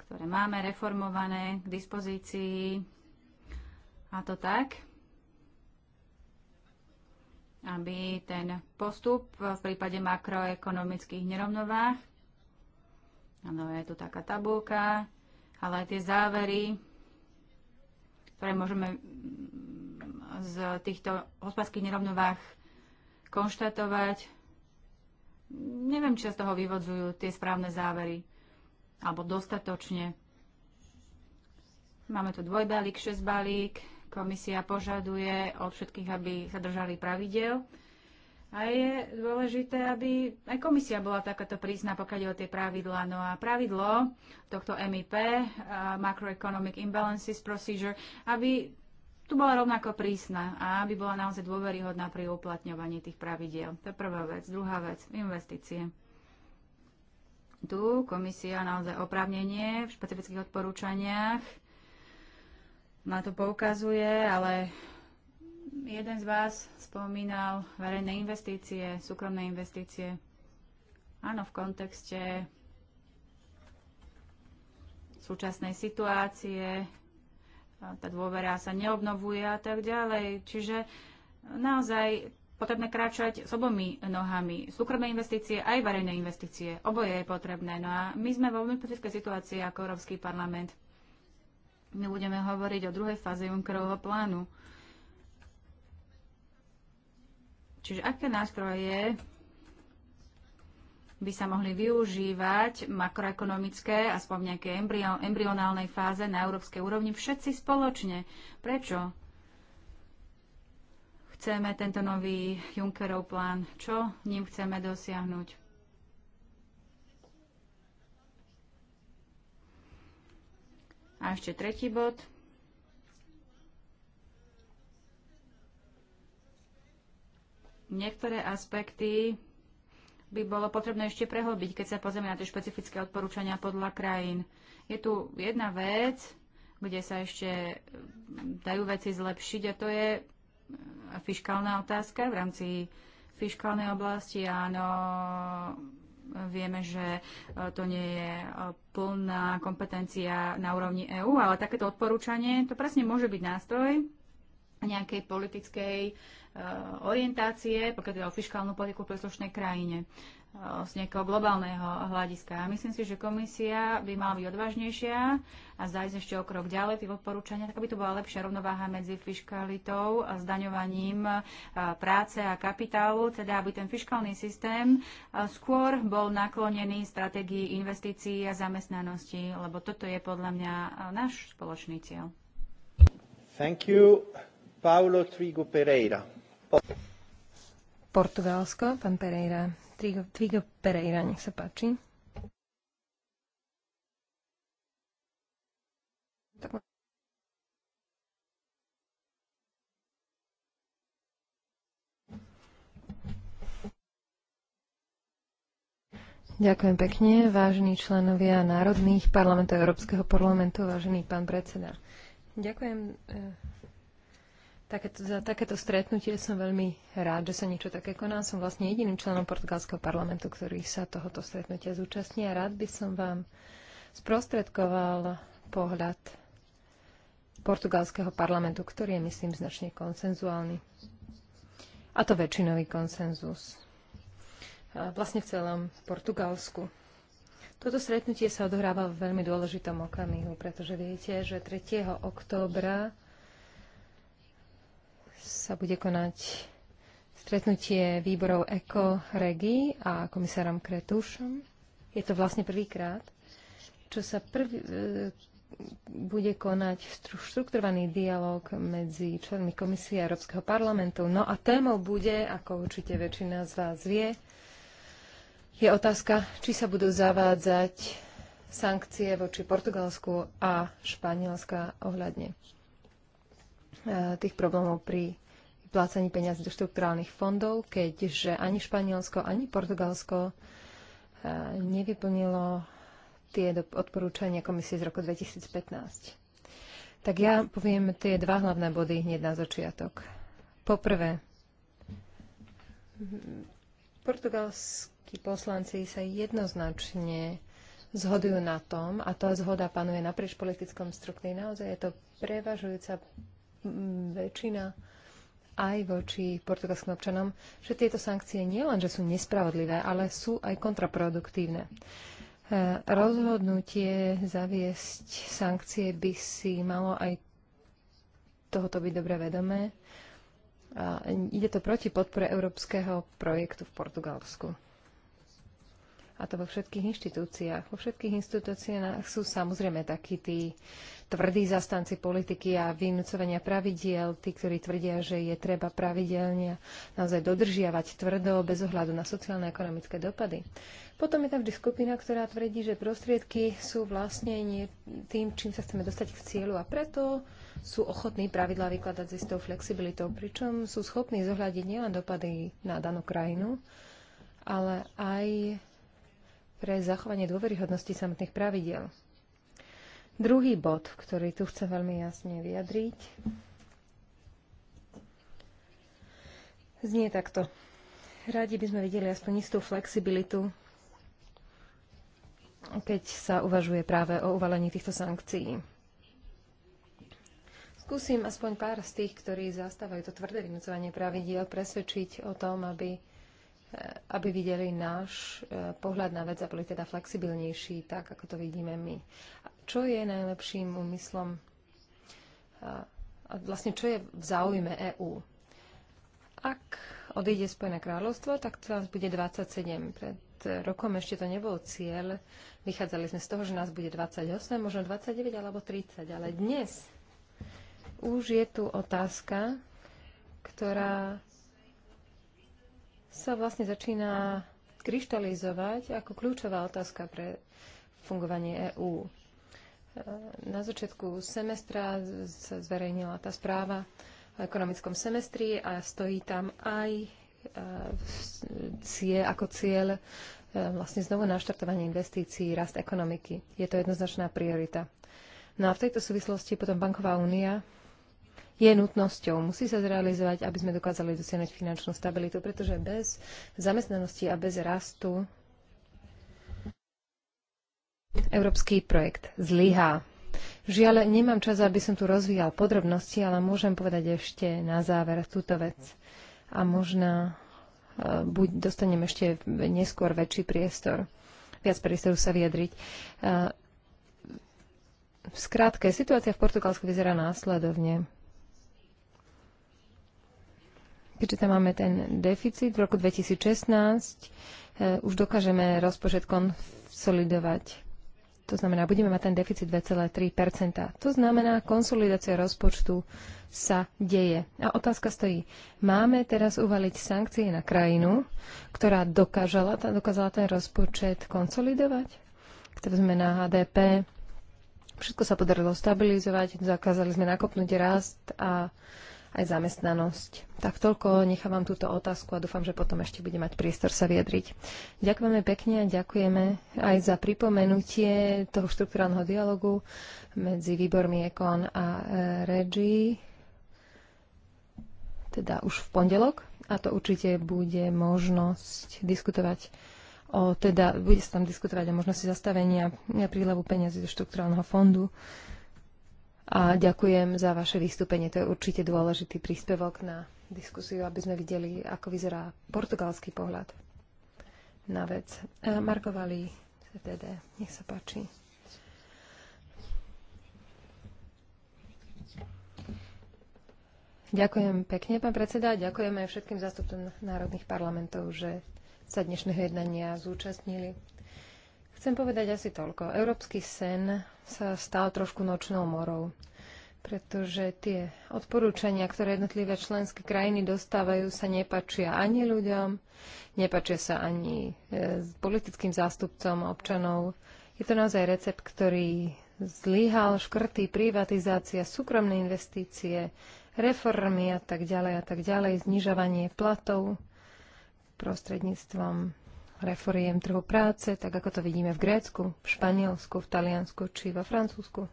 ktoré máme reformované k dispozícii. A to tak, aby ten postup v prípade makroekonomických nerovnovách, áno, je tu taká tabulka, ale aj tie závery, ktoré môžeme mm, z týchto hospodárskych nerovnovách konštatovať, neviem, či sa z toho vyvodzujú tie správne závery. Alebo dostatočne. Máme tu dvojbalík, šesťbalík. Komisia požaduje od všetkých, aby sa držali pravidel. A je dôležité, aby aj komisia bola takáto prísna, pokiaľ o tie pravidlá. No a pravidlo tohto MIP, Macroeconomic Imbalances Procedure, aby tu bola rovnako prísna a aby bola naozaj dôveryhodná pri uplatňovaní tých pravidiel. To je prvá vec. Druhá vec, investície. Tu komisia naozaj oprávnenie v špecifických odporúčaniach na to poukazuje, ale jeden z vás spomínal verejné investície, súkromné investície. Áno, v kontexte súčasnej situácie tá dôvera sa neobnovuje a tak ďalej. Čiže naozaj potrebné kráčať s obomi nohami. Súkromné investície aj verejné investície. Oboje je potrebné. No a my sme vo veľmi politickej situácii ako Európsky parlament. My budeme hovoriť o druhej fáze Junckerovho plánu. Čiže aké nástroje by sa mohli využívať makroekonomické, aspoň v nejakej embryonálnej fáze na európskej úrovni, všetci spoločne. Prečo? Chceme tento nový Junckerov plán. Čo ním chceme dosiahnuť? A ešte tretí bod. Niektoré aspekty by bolo potrebné ešte prehlbiť, keď sa pozrieme na tie špecifické odporúčania podľa krajín. Je tu jedna vec, kde sa ešte dajú veci zlepšiť a to je e, fiškálna otázka v rámci fiškálnej oblasti. Áno, vieme, že e, to nie je e, plná kompetencia na úrovni EÚ, ale takéto odporúčanie, to presne môže byť nástroj nejakej politickej uh, Eh, orientácie, pokiaľ ide o fiskálnu politiku v príslušnej krajine eh, z nejakého globálneho hľadiska. A myslím si, že komisia by mala byť odvážnejšia a zájsť ešte o krok ďalej v odporúčania, tak aby to bola lepšia rovnováha medzi fiskalitou a zdaňovaním eh, práce a kapitálu, teda aby ten fiskálny systém skôr bol naklonený stratégii investícií a zamestnanosti, lebo toto je podľa mňa náš spoločný cieľ. Thank you. Paolo Trigo Pereira. Portugalsko, pán Pereira. Trigo, Trigo Pereira, nech sa páči. Ďakujem pekne, vážení členovia národných parlamentov Európskeho parlamentu, vážený pán predseda. Ďakujem eh, Takéto, za takéto stretnutie som veľmi rád, že sa niečo také koná. Som vlastne jediným členom portugalského parlamentu, ktorý sa tohoto stretnutia zúčastní a rád by som vám sprostredkoval pohľad portugalského parlamentu, ktorý je, myslím, značne konsenzuálny. A to väčšinový konsenzus. A vlastne v celom Portugalsku. Toto stretnutie sa odohráva v veľmi dôležitom okamihu, pretože viete, že 3. októbra sa bude konať stretnutie výborov ECO, REGI a komisárom Kretušom. Je to vlastne prvýkrát, čo sa e, bude konať štrukturovaný dialog medzi členmi Komisie Európskeho parlamentu. No a témou bude, ako určite väčšina z vás vie, je otázka, či sa budú zavádzať sankcie voči Portugalsku a Španielska ohľadne E, tých problémov pri vyplácaní peniazy do štrukturálnych fondov, keďže ani Španielsko, ani Portugalsko e, nevyplnilo tie odporúčania komisie z roku 2015. Tak ja poviem tie dva hlavné body hneď na začiatok. Poprvé, portugalskí poslanci sa jednoznačne zhodujú na tom, a tá zhoda panuje naprieč politickom struktúre, naozaj je to prevažujúca väčšina aj voči portugalským občanom, že tieto sankcie nielen, že sú nespravodlivé, ale sú aj kontraproduktívne. E, rozhodnutie zaviesť sankcie by si malo aj tohoto byť dobre vedomé. Ide to proti podpore európskeho projektu v Portugalsku a to vo všetkých inštitúciách. Vo všetkých inštitúciách sú samozrejme takí tí tvrdí zastanci politiky a vynúcovania pravidiel, tí, ktorí tvrdia, že je treba pravidelne naozaj dodržiavať tvrdo bez ohľadu na sociálne a ekonomické dopady. Potom je tam vždy skupina, ktorá tvrdí, že prostriedky sú vlastne nie tým, čím sa chceme dostať k cieľu a preto sú ochotní pravidlá vykladať s istou flexibilitou, pričom sú schopní zohľadiť nielen dopady na danú krajinu, ale aj pre zachovanie dôveryhodnosti samotných pravidel. Druhý bod, ktorý tu chcem veľmi jasne vyjadriť, znie takto. Radi by sme videli aspoň istú flexibilitu, keď sa uvažuje práve o uvalení týchto sankcií. Skúsim aspoň pár z tých, ktorí zastávajú to tvrdé vynúcovanie pravidiel, presvedčiť o tom, aby aby videli náš e, pohľad na vec a boli teda flexibilnejší, tak ako to vidíme my. Čo je najlepším úmyslom e, a vlastne čo je v záujme EÚ? Ak odíde Spojené kráľovstvo, tak to nás bude 27. Pred rokom ešte to nebol cieľ. Vychádzali sme z toho, že nás bude 28, možno 29 alebo 30. Ale dnes už je tu otázka, ktorá sa vlastne začína kryštalizovať ako kľúčová otázka pre fungovanie EÚ. E, na začiatku semestra sa zverejnila tá správa o ekonomickom semestri a stojí tam aj e, cie, ako cieľ e, vlastne znovu naštartovanie investícií, rast ekonomiky. Je to jednoznačná priorita. No a v tejto súvislosti potom Banková únia je nutnosťou. Musí sa zrealizovať, aby sme dokázali dosiahnuť finančnú stabilitu, pretože bez zamestnanosti a bez rastu európsky projekt zlyhá. Žiaľ, nemám čas, aby som tu rozvíjal podrobnosti, ale môžem povedať ešte na záver túto vec. A možno e, buď dostanem ešte neskôr väčší priestor, viac priestoru sa vyjadriť. E, v skrátke, situácia v Portugalsku vyzerá následovne keďže tam máme ten deficit v roku 2016, e, už dokážeme rozpočet konsolidovať. To znamená, budeme mať ten deficit 2,3 To znamená, konsolidácia rozpočtu sa deje. A otázka stojí, máme teraz uvaliť sankcie na krajinu, ktorá dokážala, dokázala ten rozpočet konsolidovať? Ktoré sme na HDP, všetko sa podarilo stabilizovať, zakázali sme nakopnúť rast a aj zamestnanosť. Tak toľko, nechávam túto otázku a dúfam, že potom ešte bude mať priestor sa vyjadriť. Ďakujeme pekne a ďakujeme aj za pripomenutie toho štruktúrálneho dialogu medzi výbormi Ekon a e, Regi, teda už v pondelok a to určite bude možnosť diskutovať o, teda bude sa tam diskutovať o možnosti zastavenia prílevu peniazy do štruktúrálneho fondu a ďakujem za vaše vystúpenie. To je určite dôležitý príspevok na diskusiu, aby sme videli, ako vyzerá portugalský pohľad na vec. E, Markovali CDD, nech sa páči. Ďakujem pekne, pán predseda. Ďakujem aj všetkým zástupcom národných parlamentov, že sa dnešného jednania zúčastnili. Chcem povedať asi toľko. Európsky sen sa stal trošku nočnou morou, pretože tie odporúčania, ktoré jednotlivé členské krajiny dostávajú, sa nepačia ani ľuďom, nepačia sa ani e, politickým zástupcom občanov. Je to naozaj recept, ktorý zlyhal škrty, privatizácia, súkromné investície, reformy a tak ďalej a tak ďalej, znižovanie platov prostredníctvom reforiem trhu práce, tak ako to vidíme v Grécku, v Španielsku, v Taliansku či vo Francúzsku.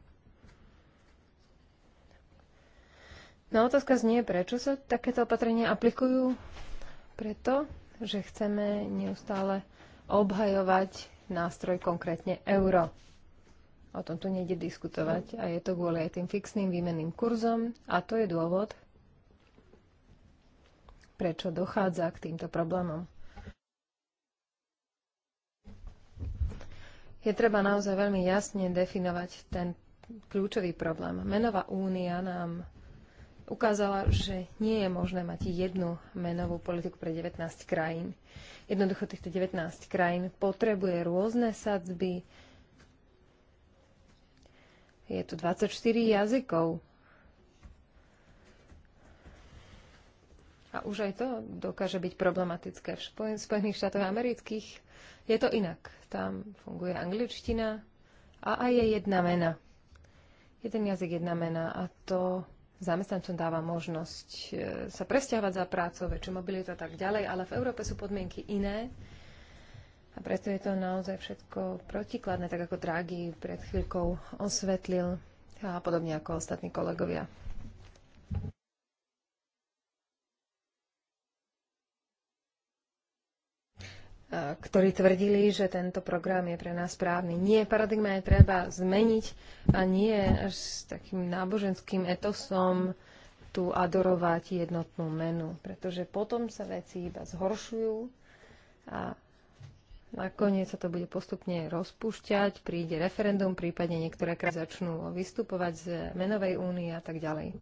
No otázka znie, prečo sa takéto opatrenia aplikujú? Preto, že chceme neustále obhajovať nástroj, konkrétne euro. O tom tu nejde diskutovať a je to kvôli aj tým fixným výmenným kurzom a to je dôvod, prečo dochádza k týmto problémom. je treba naozaj veľmi jasne definovať ten kľúčový problém. Menová únia nám ukázala, že nie je možné mať jednu menovú politiku pre 19 krajín. Jednoducho týchto 19 krajín potrebuje rôzne sadzby. Je tu 24 jazykov A už aj to dokáže byť problematické. V Spojených štátoch amerických je to inak. Tam funguje angličtina a aj je jedna mena. Jeden jazyk, jedna mena a to zamestnancom dáva možnosť e, sa presťahovať za prácu, väčšiu mobilitu a tak ďalej, ale v Európe sú podmienky iné a preto je to naozaj všetko protikladné, tak ako Draghi pred chvíľkou osvetlil a podobne ako ostatní kolegovia. Eh, ktorí tvrdili, že tento program je pre nás správny. Nie, paradigma je treba zmeniť a nie až s takým náboženským etosom tu adorovať jednotnú menu, pretože potom sa veci iba zhoršujú a nakoniec sa to bude postupne rozpúšťať, príde referendum, prípadne niektoré krajiny začnú vystupovať z menovej únie a tak ďalej.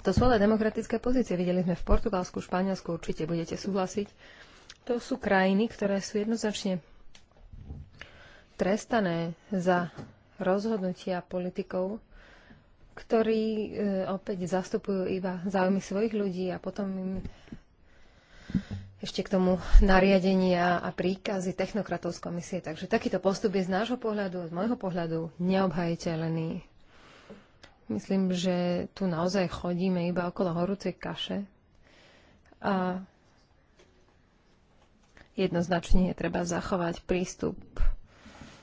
To sú ale demokratické pozície. Videli sme v Portugalsku, Španielsku, určite budete súhlasiť. To sú krajiny, ktoré sú jednoznačne trestané za rozhodnutia politikov, ktorí e, opäť zastupujú iba záujmy svojich ľudí a potom im ešte k tomu nariadenia a príkazy technokratov z komisie. Takže takýto postup je z nášho pohľadu, z môjho pohľadu neobhajiteľný. Myslím, že tu naozaj chodíme iba okolo horúcej kaše a jednoznačne je treba zachovať prístup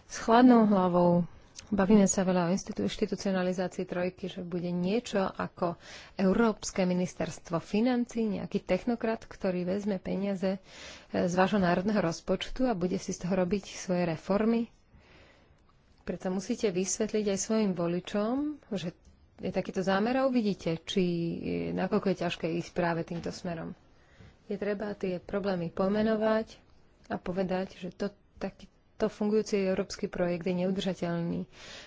s chladnou hlavou. Bavíme sa veľa o institucionalizácii trojky, že bude niečo ako Európske ministerstvo financí, nejaký technokrat, ktorý vezme peniaze e, z vášho národného rozpočtu a bude si z toho robiť svoje reformy. Preto musíte vysvetliť aj svojim voličom, že je takýto zámer a uvidíte, či e, nakoľko je ťažké ísť práve týmto smerom. Je treba tie problémy pomenovať a povedať, že to, takýto fungujúci európsky projekt je neudržateľný.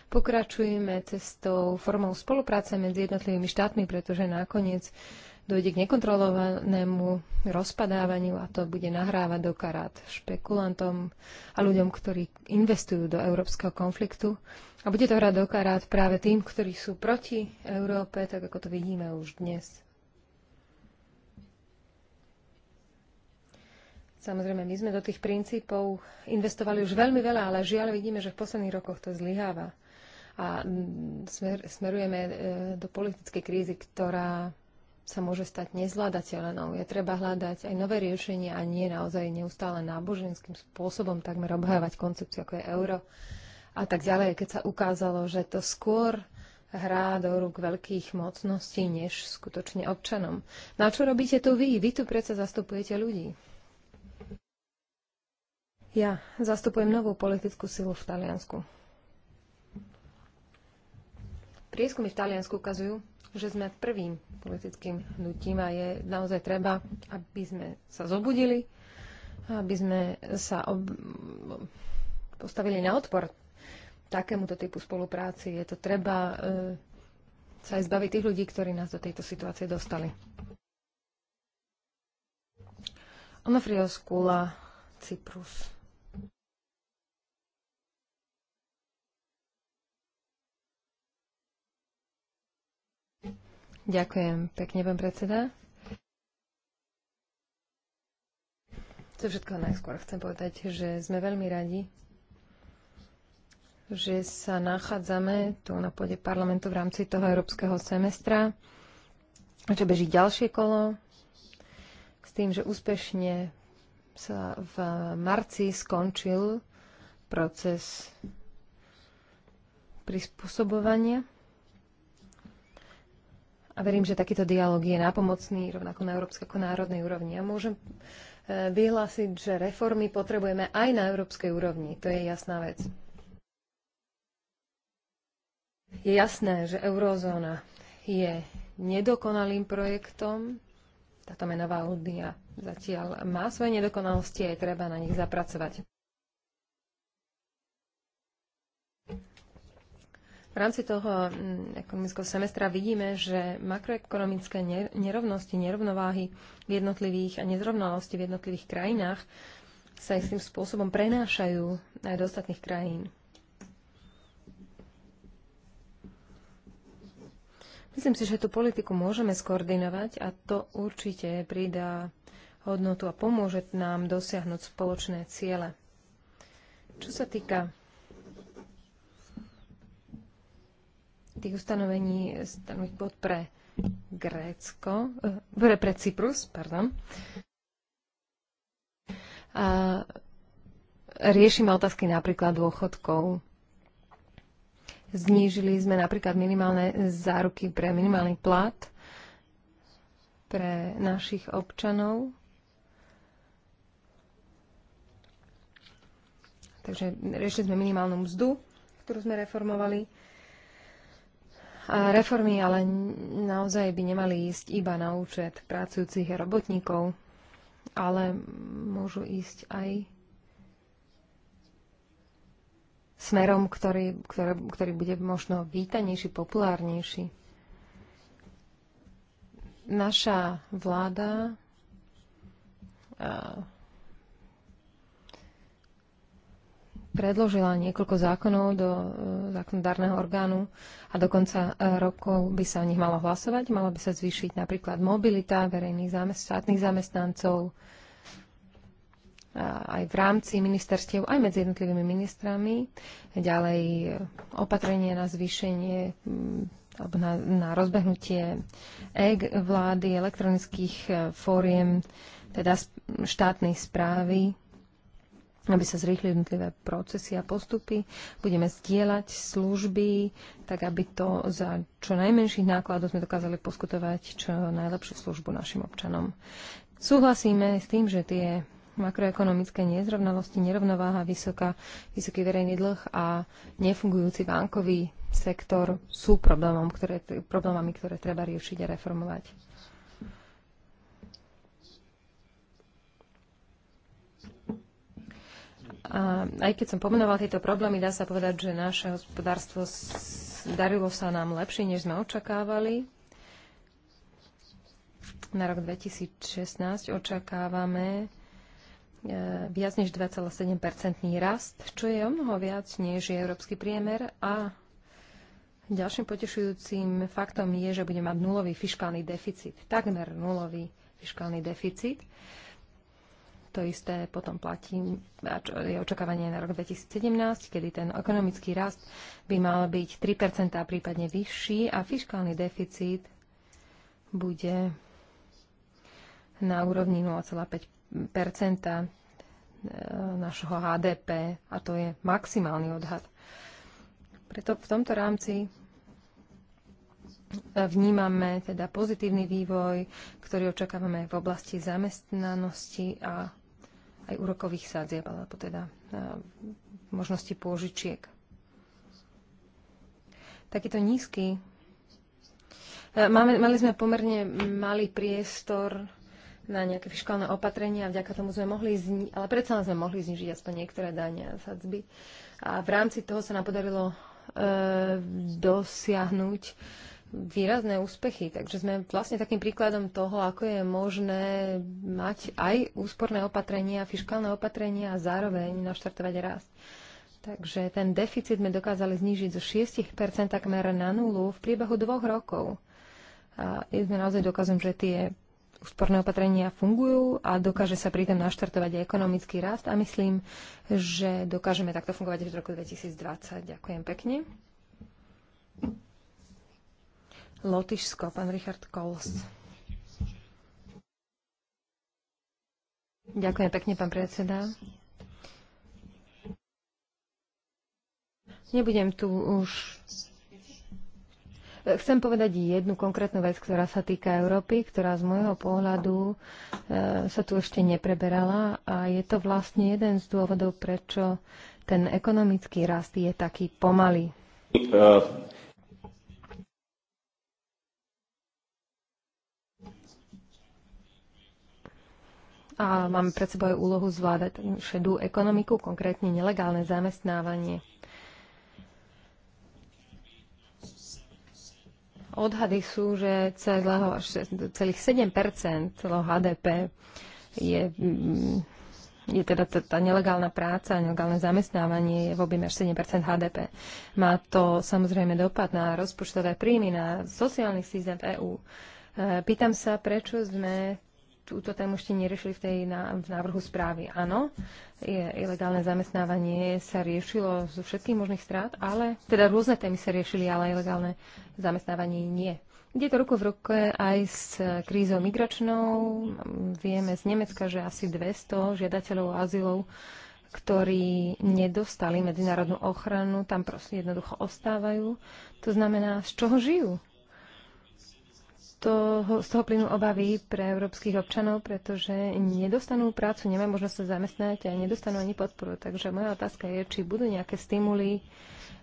Pokračujeme cestou, formou spolupráce medzi jednotlivými štátmi, pretože nakoniec uh, dojde k nekontrolovanému rozpadávaniu a to bude nahrávať do karát špekulantom a ľuďom, ktorí investujú do európskeho konfliktu. A bude to hrať do karát práve tým, ktorí sú proti Európe, tak ako to vidíme už dnes. Samozrejme, my sme do tých princípov investovali už veľmi veľa, ale žiaľ vidíme, že v posledných rokoch to zlyháva. A smer, smerujeme e, do politickej krízy, ktorá sa môže stať nezvládateľnou. Je treba hľadať aj nové riešenie a nie naozaj neustále náboženským spôsobom takmer obhávať koncepciu ako je euro a tak ďalej, keď sa ukázalo, že to skôr hrá do rúk veľkých mocností, než skutočne občanom. Na čo robíte tu vy? Vy tu predsa zastupujete ľudí. Ja zastupujem novú politickú silu v Taliansku. Prieskumy v Taliansku ukazujú, že sme prvým politickým hnutím a je naozaj treba, aby sme sa zobudili, aby sme sa ob... postavili na odpor takémuto typu spolupráci. Je to treba e, sa aj zbaviť tých ľudí, ktorí nás do tejto situácie dostali. Onofrios Kula, Cyprus. Ďakujem pekne, pán predseda. To všetko najskôr chcem povedať, že sme veľmi radi, že sa nachádzame tu na pôde parlamentu v rámci toho európskeho semestra, že beží ďalšie kolo s tým, že úspešne sa v marci skončil proces prispôsobovania a verím, že takýto dialog je nápomocný rovnako na európskej ako národnej úrovni. A môžem e, vyhlásiť, že reformy potrebujeme aj na európskej úrovni. To je jasná vec. Je jasné, že eurozóna je nedokonalým projektom. Táto menová únia zatiaľ má svoje nedokonalosti a je treba na nich zapracovať. V rámci toho mm, ekonomického semestra vidíme, že makroekonomické nerovnosti, nerovnováhy v jednotlivých a nezrovnalosti v jednotlivých krajinách sa istým spôsobom prenášajú aj do ostatných krajín. Myslím si, že tú politiku môžeme skoordinovať a to určite pridá hodnotu a pomôže nám dosiahnuť spoločné ciele. Čo sa týka tých ustanovení stanových bod pre Grécko, eh, pre, pre Cyprus, pardon. A riešime otázky napríklad dôchodkov. Znížili sme napríklad minimálne záruky pre minimálny plat pre našich občanov. Takže riešili sme minimálnu mzdu, ktorú sme reformovali reformy ale naozaj by nemali ísť iba na účet pracujúcich robotníkov, ale môžu ísť aj smerom, ktorý, ktorý, ktorý bude možno vítanejší, populárnejší. Naša vláda predložila niekoľko zákonov do e, zákonodárneho orgánu a do konca e, rokov by sa o nich malo hlasovať. Mala by sa zvýšiť napríklad mobilita verejných zamest- štátnych zamestnancov aj v rámci ministerstiev, aj medzi jednotlivými ministrami. Ďalej e, opatrenie na zvýšenie mm, alebo na, na rozbehnutie EG vlády, elektronických fóriem, teda štátnej správy aby sa zrýchli jednotlivé procesy a postupy. Budeme stielať služby, tak aby to za čo najmenších nákladov sme dokázali poskutovať čo najlepšiu službu našim občanom. Súhlasíme s tým, že tie makroekonomické nezrovnalosti, nerovnováha, vysoká, vysoký verejný dlh a nefungujúci bankový sektor sú problémom, ktoré, problémami, ktoré treba riešiť a reformovať. A aj keď som pomenoval tieto problémy, dá sa povedať, že naše hospodárstvo darilo sa nám lepšie, než sme očakávali. Na rok 2016 očakávame e, viac než 27 rast, čo je o mnoho viac než je európsky priemer a ďalším potešujúcim faktom je, že budeme mať nulový fiskálny deficit, takmer nulový fiskálny deficit. To isté potom platí, je očakávanie na rok 2017, kedy ten ekonomický rast by mal byť 3% a prípadne vyšší a fiskálny deficit bude na úrovni 0,5% našho HDP a to je maximálny odhad. Preto v tomto rámci vnímame teda pozitívny vývoj, ktorý očakávame v oblasti zamestnanosti a aj úrokových sadzieb, alebo teda e, možnosti pôžičiek. Takýto nízky. E, máme, mali sme pomerne malý priestor na nejaké fiskálne opatrenia a vďaka tomu sme mohli zni- ale predsa sme mohli znižiť aspoň niektoré dania a sadzby. A v rámci toho sa nám podarilo e, dosiahnuť e, výrazné úspechy. Takže sme vlastne takým príkladom toho, ako je možné mať aj úsporné opatrenia, fiskálne opatrenia a zároveň naštartovať rast. Takže ten deficit sme dokázali znížiť zo 6% takmer na nulu v priebehu dvoch rokov. A sme naozaj dokazom, že tie úsporné opatrenia fungujú a dokáže sa pritom naštartovať aj ekonomický rast a myslím, že dokážeme takto fungovať až v roku 2020. Ďakujem pekne. Lotyšsko, pán Richard Kols. Ďakujem pekne, pán predseda. Nebudem tu už. Chcem povedať jednu konkrétnu vec, ktorá sa týka Európy, ktorá z môjho pohľadu e, sa tu ešte nepreberala a je to vlastne jeden z dôvodov, prečo ten ekonomický rast je taký pomalý. Uh. a máme pred sebou aj úlohu zvládať šedú ekonomiku, konkrétne nelegálne zamestnávanie. Odhady sú, že celých 7 celého HDP je, mm, je teda tá nelegálna práca, nelegálne zamestnávanie je v objeme až 7 HDP. Má to samozrejme dopad na rozpočtové príjmy, na sociálny systém EÚ. E, pýtam sa, prečo sme túto tému ešte neriešili v, tej, na, v návrhu správy. Áno, je, ilegálne zamestnávanie sa riešilo zo všetkých možných strát, ale teda rôzne témy sa riešili, ale ilegálne zamestnávanie nie. Ide to ruku v ruke aj s krízou migračnou. Vieme z Nemecka, že asi 200 žiadateľov o azylov ktorí nedostali medzinárodnú ochranu, tam proste jednoducho ostávajú. To znamená, z čoho žijú? toho, z toho plynú obavy pre európskych občanov, pretože nedostanú prácu, nemajú možnosť sa zamestnať a nedostanú ani podporu. Takže moja otázka je, či budú nejaké stimuly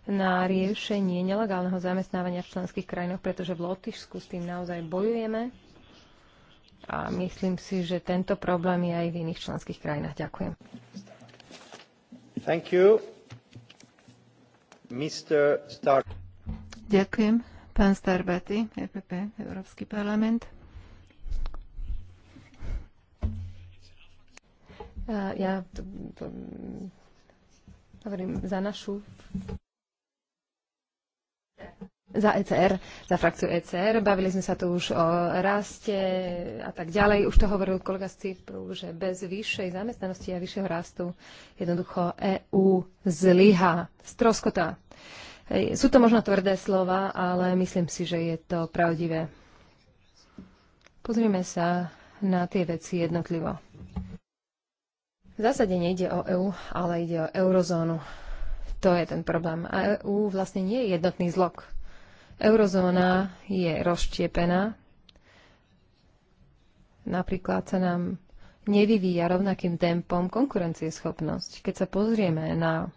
na riešenie nelegálneho zamestnávania v členských krajinách, pretože v Lotyšsku s tým naozaj bojujeme a myslím si, že tento problém je aj v iných členských krajinách. Ďakujem. Thank you. Mr. Stark. Ďakujem. Pán Starbaty, EPP, Európsky parlament. Ja to, to, hovorím za našu za ECR, za frakciu ECR. Bavili sme sa tu už o raste a tak ďalej. Už to hovoril kolega z Cipru, že bez vyššej zamestnanosti a vyššieho rastu jednoducho EÚ zlyha. stroskota. Uh, sú to možno tvrdé slova, ale myslím si, že je to pravdivé. Pozrime sa na tie veci jednotlivo. V zásade nejde o EÚ, ale ide o eurozónu. To je ten problém. A EÚ vlastne nie je jednotný zlok. Eurozóna je rozštiepená. Napríklad sa nám nevyvíja rovnakým tempom konkurencieschopnosť. Keď sa pozrieme na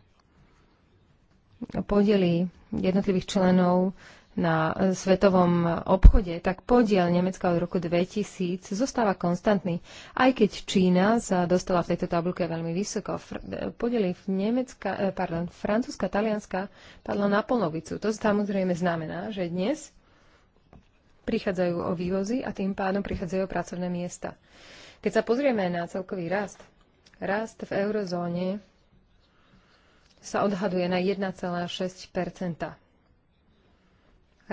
podiely jednotlivých členov na e, svetovom obchode, tak podiel Nemecka od roku 2000 zostáva konstantný. Aj keď Čína sa dostala v tejto tabulke veľmi vysoko, e, podiely v Nemecka, e, pardon, Francúzska, Talianska padlo na polovicu. To samozrejme znamená, že dnes prichádzajú o vývozy a tým pádom prichádzajú o pracovné miesta. Keď sa pozrieme na celkový rast, rast v eurozóne sa odhaduje na 1,6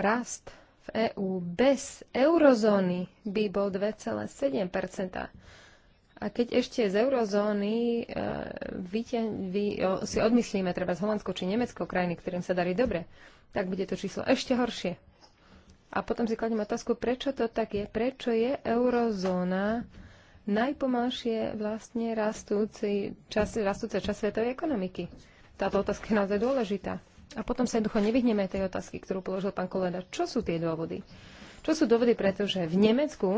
Rast v EÚ bez eurozóny by bol 2,7 a keď ešte z eurozóny e, vy, vy, o, si odmyslíme treba z Holandsko či Nemecko, krajiny, ktorým sa darí dobre, tak bude to číslo ešte horšie. A potom si kladím otázku, prečo to tak je? Prečo je eurozóna najpomalšie vlastne rastúci čas, rastúca svetovej ekonomiky? Táto otázka je naozaj dôležitá. A potom sa jednoducho nevyhneme tej otázky, ktorú položil pán Koleda. Čo sú tie dôvody? Čo sú dôvody, pretože v Nemecku,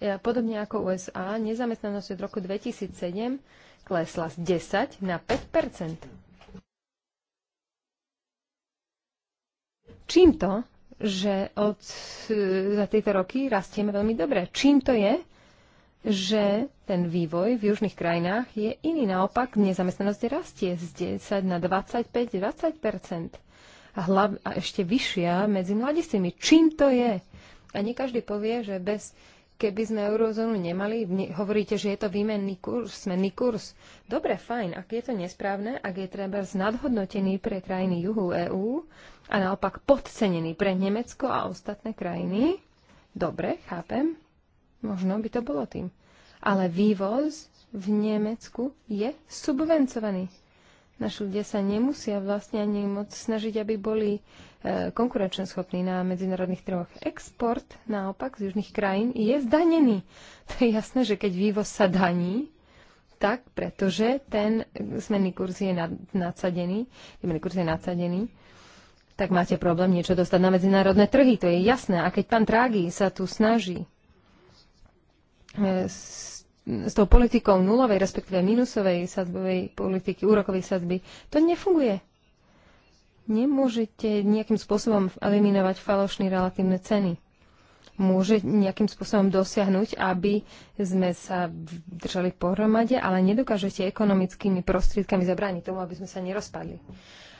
e, podobne ako USA, nezamestnanosť od roku 2007 klesla z 10 na 5 Čím to, že od, e, za tieto roky rastieme veľmi dobre? Čím to je? že ten vývoj v južných krajinách je iný. Naopak, nezamestnanosť rastie z 10 na 25-20 a, hlav, a ešte vyššia medzi mladistými. Čím to je? A nie každý povie, že bez, keby sme eurozónu nemali, ne, hovoríte, že je to výmenný kurz, smenný kurz. Dobre, fajn, ak je to nesprávne, ak je treba nadhodnotený pre krajiny juhu EÚ a naopak podcenený pre Nemecko a ostatné krajiny, dobre, chápem, Možno by to bolo tým. Ale vývoz v Nemecku je subvencovaný. Naši ľudia sa nemusia vlastne ani moc snažiť, aby boli e, konkurenčne schopní na medzinárodných trhoch. Export naopak z južných krajín je zdanený. To je jasné, že keď vývoz sa daní, tak pretože ten zmenný kurz je nad, nadsadený, zmenný kurz je nadsadený, tak máte problém niečo dostať na medzinárodné trhy, to je jasné. A keď pán Trági sa tu snaží E, s, s tou politikou nulovej, respektíve minusovej sadbovej politiky, úrokovej sadby, to nefunguje. Nemôžete nejakým spôsobom eliminovať falošné relatívne ceny môže nejakým spôsobom dosiahnuť, aby sme sa držali pohromade, ale nedokážete ekonomickými prostriedkami zabrániť tomu, aby sme sa nerozpadli.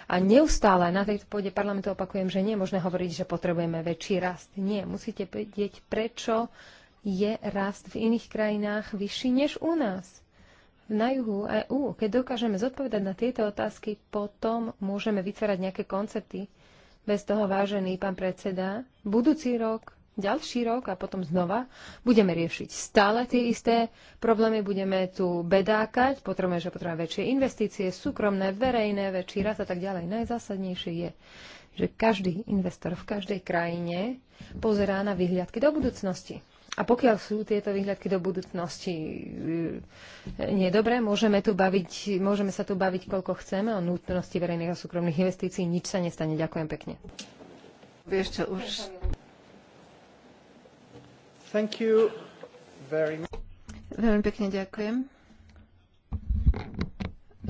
A neustále na tejto pôde parlamentu opakujem, že nie je možné hovoriť, že potrebujeme väčší rast. Nie, musíte vedieť, prečo je rast v iných krajinách vyšší než u nás. Na juhu EÚ, keď dokážeme zodpovedať na tieto otázky, potom môžeme vytvárať nejaké koncepty. Bez toho, vážený pán predseda, budúci rok, ďalší rok a potom znova budeme riešiť stále tie isté problémy, budeme tu bedákať, potrebujeme, že potrebujeme väčšie investície, súkromné, verejné, väčší raz a tak ďalej. Najzásadnejšie je, že každý investor v každej krajine pozerá na vyhliadky do budúcnosti. A pokiaľ sú tieto výhľadky do budúcnosti e, nedobré, môžeme, tu baviť, môžeme sa tu baviť, koľko chceme o nutnosti verejných a súkromných investícií. Nič sa nestane. Ďakujem pekne. Vieš čo, už... Thank you very much. Veľmi pekne ďakujem.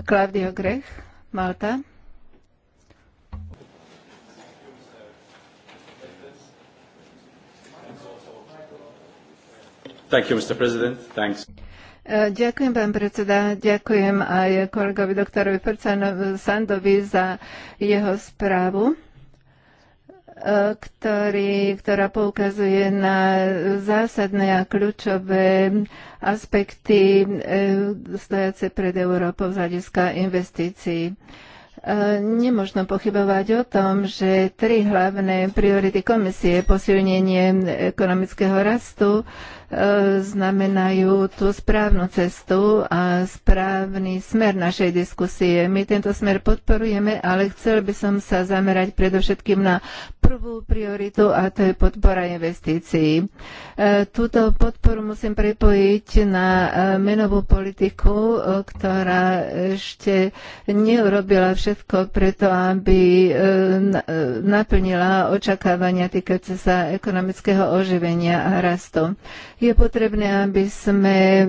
Klaudio Grech, Malta. Thank you, Mr. President. Thanks. E, ďakujem, pán predseda. Ďakujem aj kolegovi doktorovi Percanovi e, Sandovi za jeho správu e, ktorý, ktorá poukazuje na zásadné a kľúčové aspekty stojace pred Európou z hľadiska investícií. Nemožno pochybovať o tom, že tri hlavné priority komisie posilnenie ekonomického rastu, E, znamenajú tú správnu cestu a správny smer našej diskusie. My tento smer podporujeme, ale chcel by som sa zamerať predovšetkým na prvú prioritu a to je podpora investícií. E, túto podporu musím prepojiť na e, menovú politiku, ktorá ešte neurobila všetko preto, aby naplnila očakávania týkajúce sa ekonomického oživenia a rastu. Je potrebné, aby sme eh,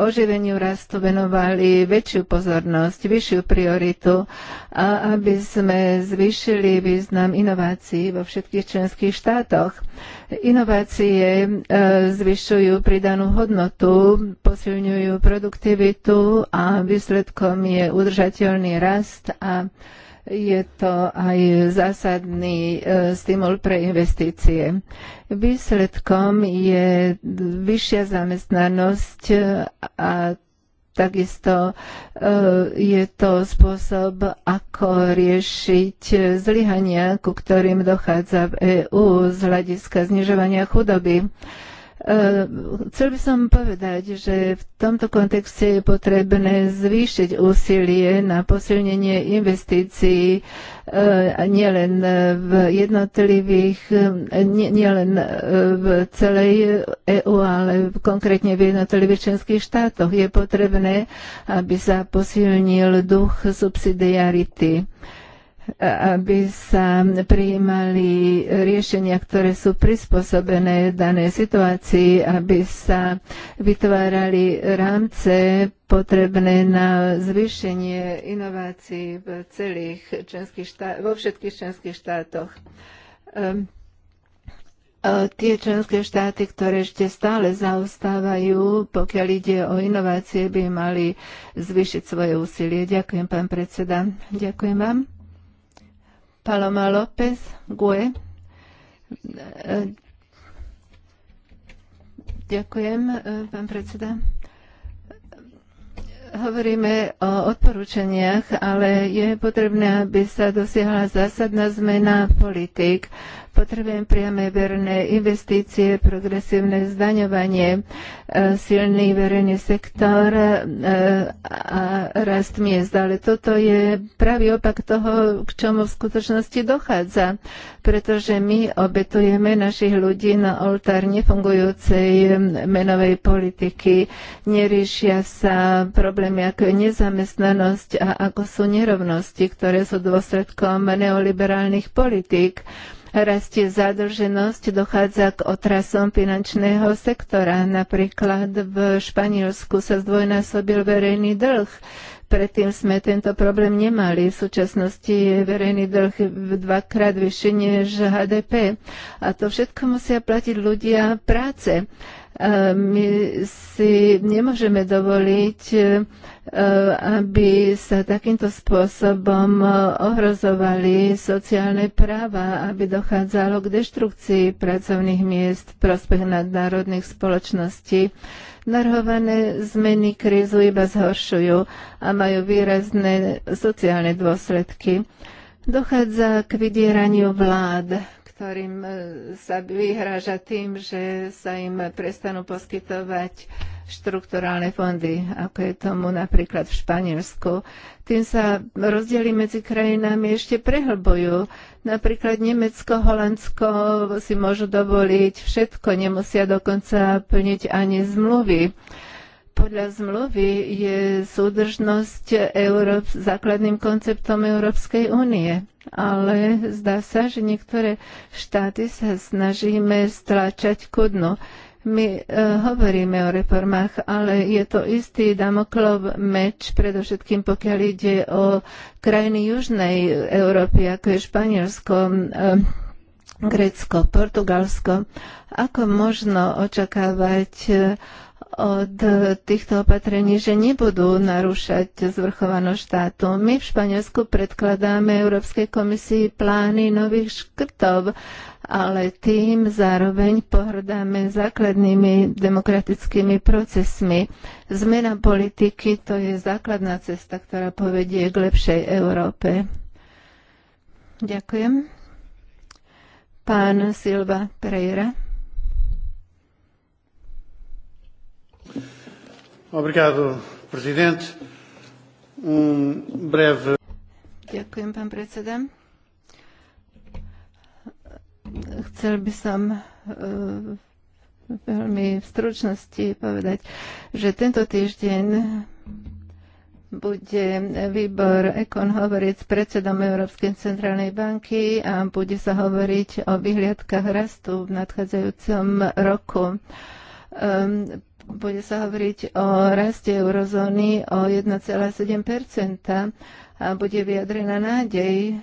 oživeniu rastu venovali väčšiu pozornosť, vyššiu prioritu a aby sme zvýšili význam inovácií vo všetkých členských štátoch. Inovácie eh, zvyšujú pridanú hodnotu, posilňujú produktivitu a výsledkom je udržateľný rast a je to aj zásadný e, stimul pre investície. Výsledkom je vyššia zamestnanosť e, a Takisto e, je to spôsob, ako riešiť zlyhania, ku ktorým dochádza v EÚ z hľadiska znižovania chudoby. Eh, chcel by som povedať, že v tomto kontexte je potrebné zvýšiť úsilie na posilnenie investícií eh, nielen v jednotlivých, eh, nielen v celej EU, ale konkrétne v jednotlivých členských štátoch. Je potrebné, aby sa posilnil duch subsidiarity aby sa prijímali riešenia, ktoré sú prispôsobené danej situácii, aby sa vytvárali rámce potrebné na zvýšenie inovácií v celých členských štát- vo všetkých členských štátoch. Ehm, tie členské štáty, ktoré ešte stále zaostávajú, pokiaľ ide o inovácie, by mali zvýšiť svoje úsilie. Ďakujem, pán predseda. Ďakujem vám. Paloma López, GUE. Ďakujem, pán predseda hovoríme o odporúčaniach, ale je potrebné, aby sa dosiahla zásadná zmena politik. Potrebujem priame verejné investície, progresívne zdaňovanie, e, silný verejný sektor e, a rast miest. Ale toto je pravý opak toho, k čomu v skutočnosti dochádza, pretože my obetujeme našich ľudí na oltár nefungujúcej menovej politiky. Neriešia sa problémy ako nezamestnanosť a ako sú nerovnosti, ktoré sú dôsledkom neoliberálnych politik rastie zadlženosť, dochádza k otrasom finančného sektora. Napríklad v Španielsku sa zdvojnásobil verejný dlh. Predtým sme tento problém nemali. V súčasnosti je verejný dlh dvakrát vyšší než HDP. A to všetko musia platiť ľudia práce. My si nemôžeme dovoliť, e, aby sa takýmto spôsobom ohrozovali sociálne práva, aby dochádzalo k deštrukcii pracovných miest v prospech nadnárodných spoločností. Narhované zmeny krízu iba zhoršujú a majú výrazné sociálne dôsledky. Dochádza k vydieraniu vlád, ktorým e, sa vyhráža tým, že sa im prestanú poskytovať štrukturálne fondy, ako je tomu napríklad v Španielsku. Tým sa rozdiely medzi krajinami ešte prehlbujú. Napríklad Nemecko, Holandsko si môžu dovoliť všetko, nemusia dokonca plniť ani zmluvy. Podľa zmluvy je súdržnosť Európ- základným konceptom Európskej únie ale zdá sa, že niektoré štáty sa snažíme stlačať ku dnu. My e, hovoríme o reformách, ale je to istý damoklov meč, predovšetkým pokiaľ ide o krajiny južnej Európy, ako je Španielsko, e, Grécko, Portugalsko. Ako možno očakávať e, od týchto opatrení, že nebudú narúšať zvrchovanosť štátu. My v Španielsku predkladáme Európskej komisii plány nových škrtov, ale tým zároveň pohrdáme základnými demokratickými procesmi. Zmena politiky to je základná cesta, ktorá povedie k lepšej Európe. Ďakujem. Pán Silva Pereira. Obrigado, presidente. Um breve... Ďakujem, pán predseda. Chcel by som eh, veľmi v stručnosti povedať, že tento týždeň bude výbor Ekon hovoriť s predsedom Európskej centrálnej banky a bude sa hovoriť o vyhliadkach rastu v nadchádzajúcom roku. Um, bude sa hovoriť o raste eurozóny o 1,7 a bude vyjadrená nádej,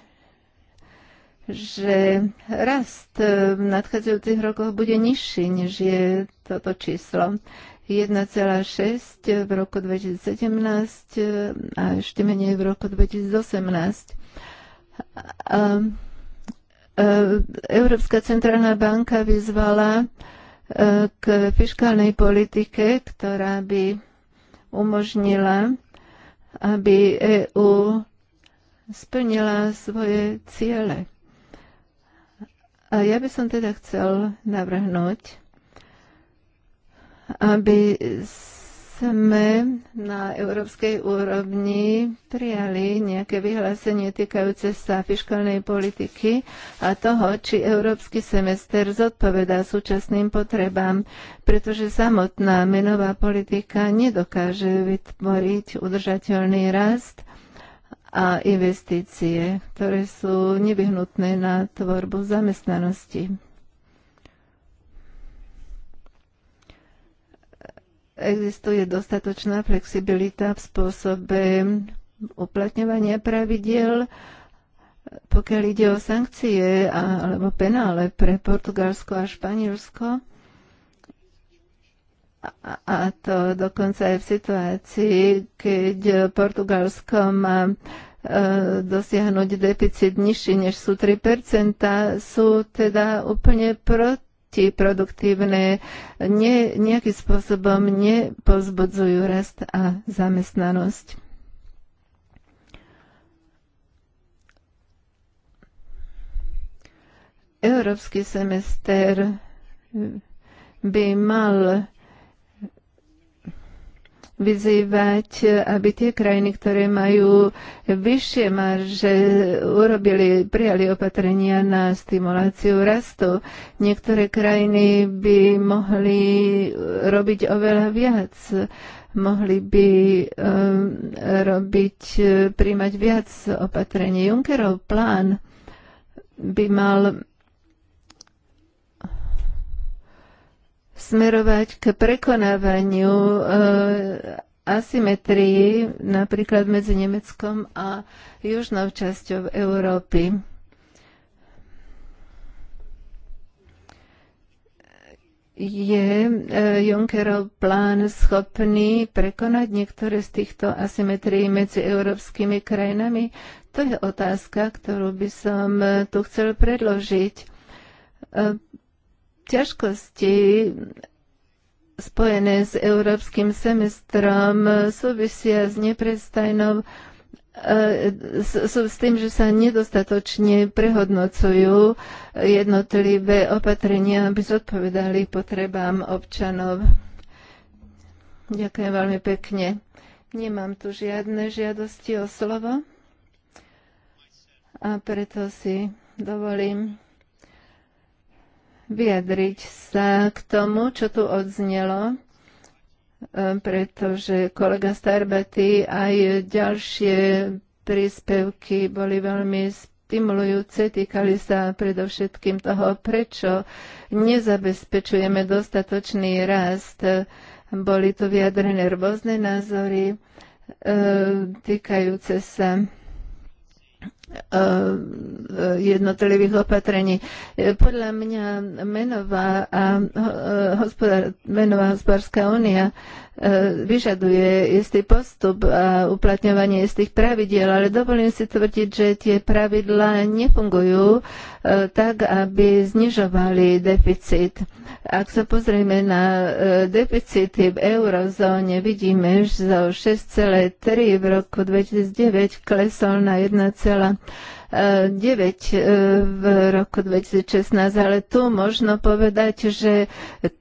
že rast v nadchádzajúcich rokoch bude nižší, než je toto číslo. 1,6 v roku 2017 a ešte menej v roku 2018. Európska centrálna banka vyzvala k fiskálnej politike, ktorá by umožnila, aby EÚ splnila svoje ciele. A ja by som teda chcel navrhnúť, aby sme na európskej úrovni prijali nejaké vyhlásenie týkajúce sa fiskálnej politiky a toho, či európsky semester zodpovedá súčasným potrebám, pretože samotná menová politika nedokáže vytvoriť udržateľný rast a investície, ktoré sú nevyhnutné na tvorbu zamestnanosti. existuje dostatočná flexibilita v spôsobe uplatňovania pravidiel, pokiaľ ide o sankcie a, alebo penále pre Portugalsko a Španielsko. A, a to dokonca aj v situácii, keď Portugalsko má e, dosiahnuť deficit nižší než sú 3%, sú teda úplne proti produktívne ne, nejakým spôsobom nepozbudzujú rast a zamestnanosť. Európsky semester by mal vyzývať, aby tie krajiny, ktoré majú vyššie marže, urobili, prijali opatrenia na stimuláciu rastu. Niektoré krajiny by mohli robiť oveľa viac mohli by um, robiť, eh, príjmať viac opatrení. Junckerov plán by mal smerovať k prekonávaniu eh, asymetrii napríklad medzi Nemeckom a južnou časťou Európy. Je eh, Junckerov plán schopný prekonať niektoré z týchto asymetrií medzi európskymi krajinami? To je otázka, ktorú by som eh, tu chcel predložiť ťažkosti spojené s európskym semestrom súvisia s neprestajnou eh, sú s tým, že sa nedostatočne prehodnocujú jednotlivé opatrenia, aby zodpovedali potrebám občanov. Ďakujem veľmi pekne. Nemám tu žiadne žiadosti o slovo a preto si dovolím vyjadriť sa k tomu, čo tu odznelo, e, pretože kolega Starbaty aj ďalšie príspevky boli veľmi stimulujúce, týkali sa predovšetkým toho, prečo nezabezpečujeme dostatočný rast. Boli tu vyjadrené rôzne názory e, týkajúce sa Eh, jednotlivých opatrení. Podľa mňa menová a eh, hospodár, menová hospodárska únia E, vyžaduje istý postup a uplatňovanie istých pravidiel, ale dovolím si tvrdiť, že tie pravidlá nefungujú e, tak, aby znižovali deficit. Ak sa pozrieme na e, deficity v eurozóne, vidíme, že zo 6,3 v roku 2009 klesol na 1, 9 v roku 2016, ale tu možno povedať, že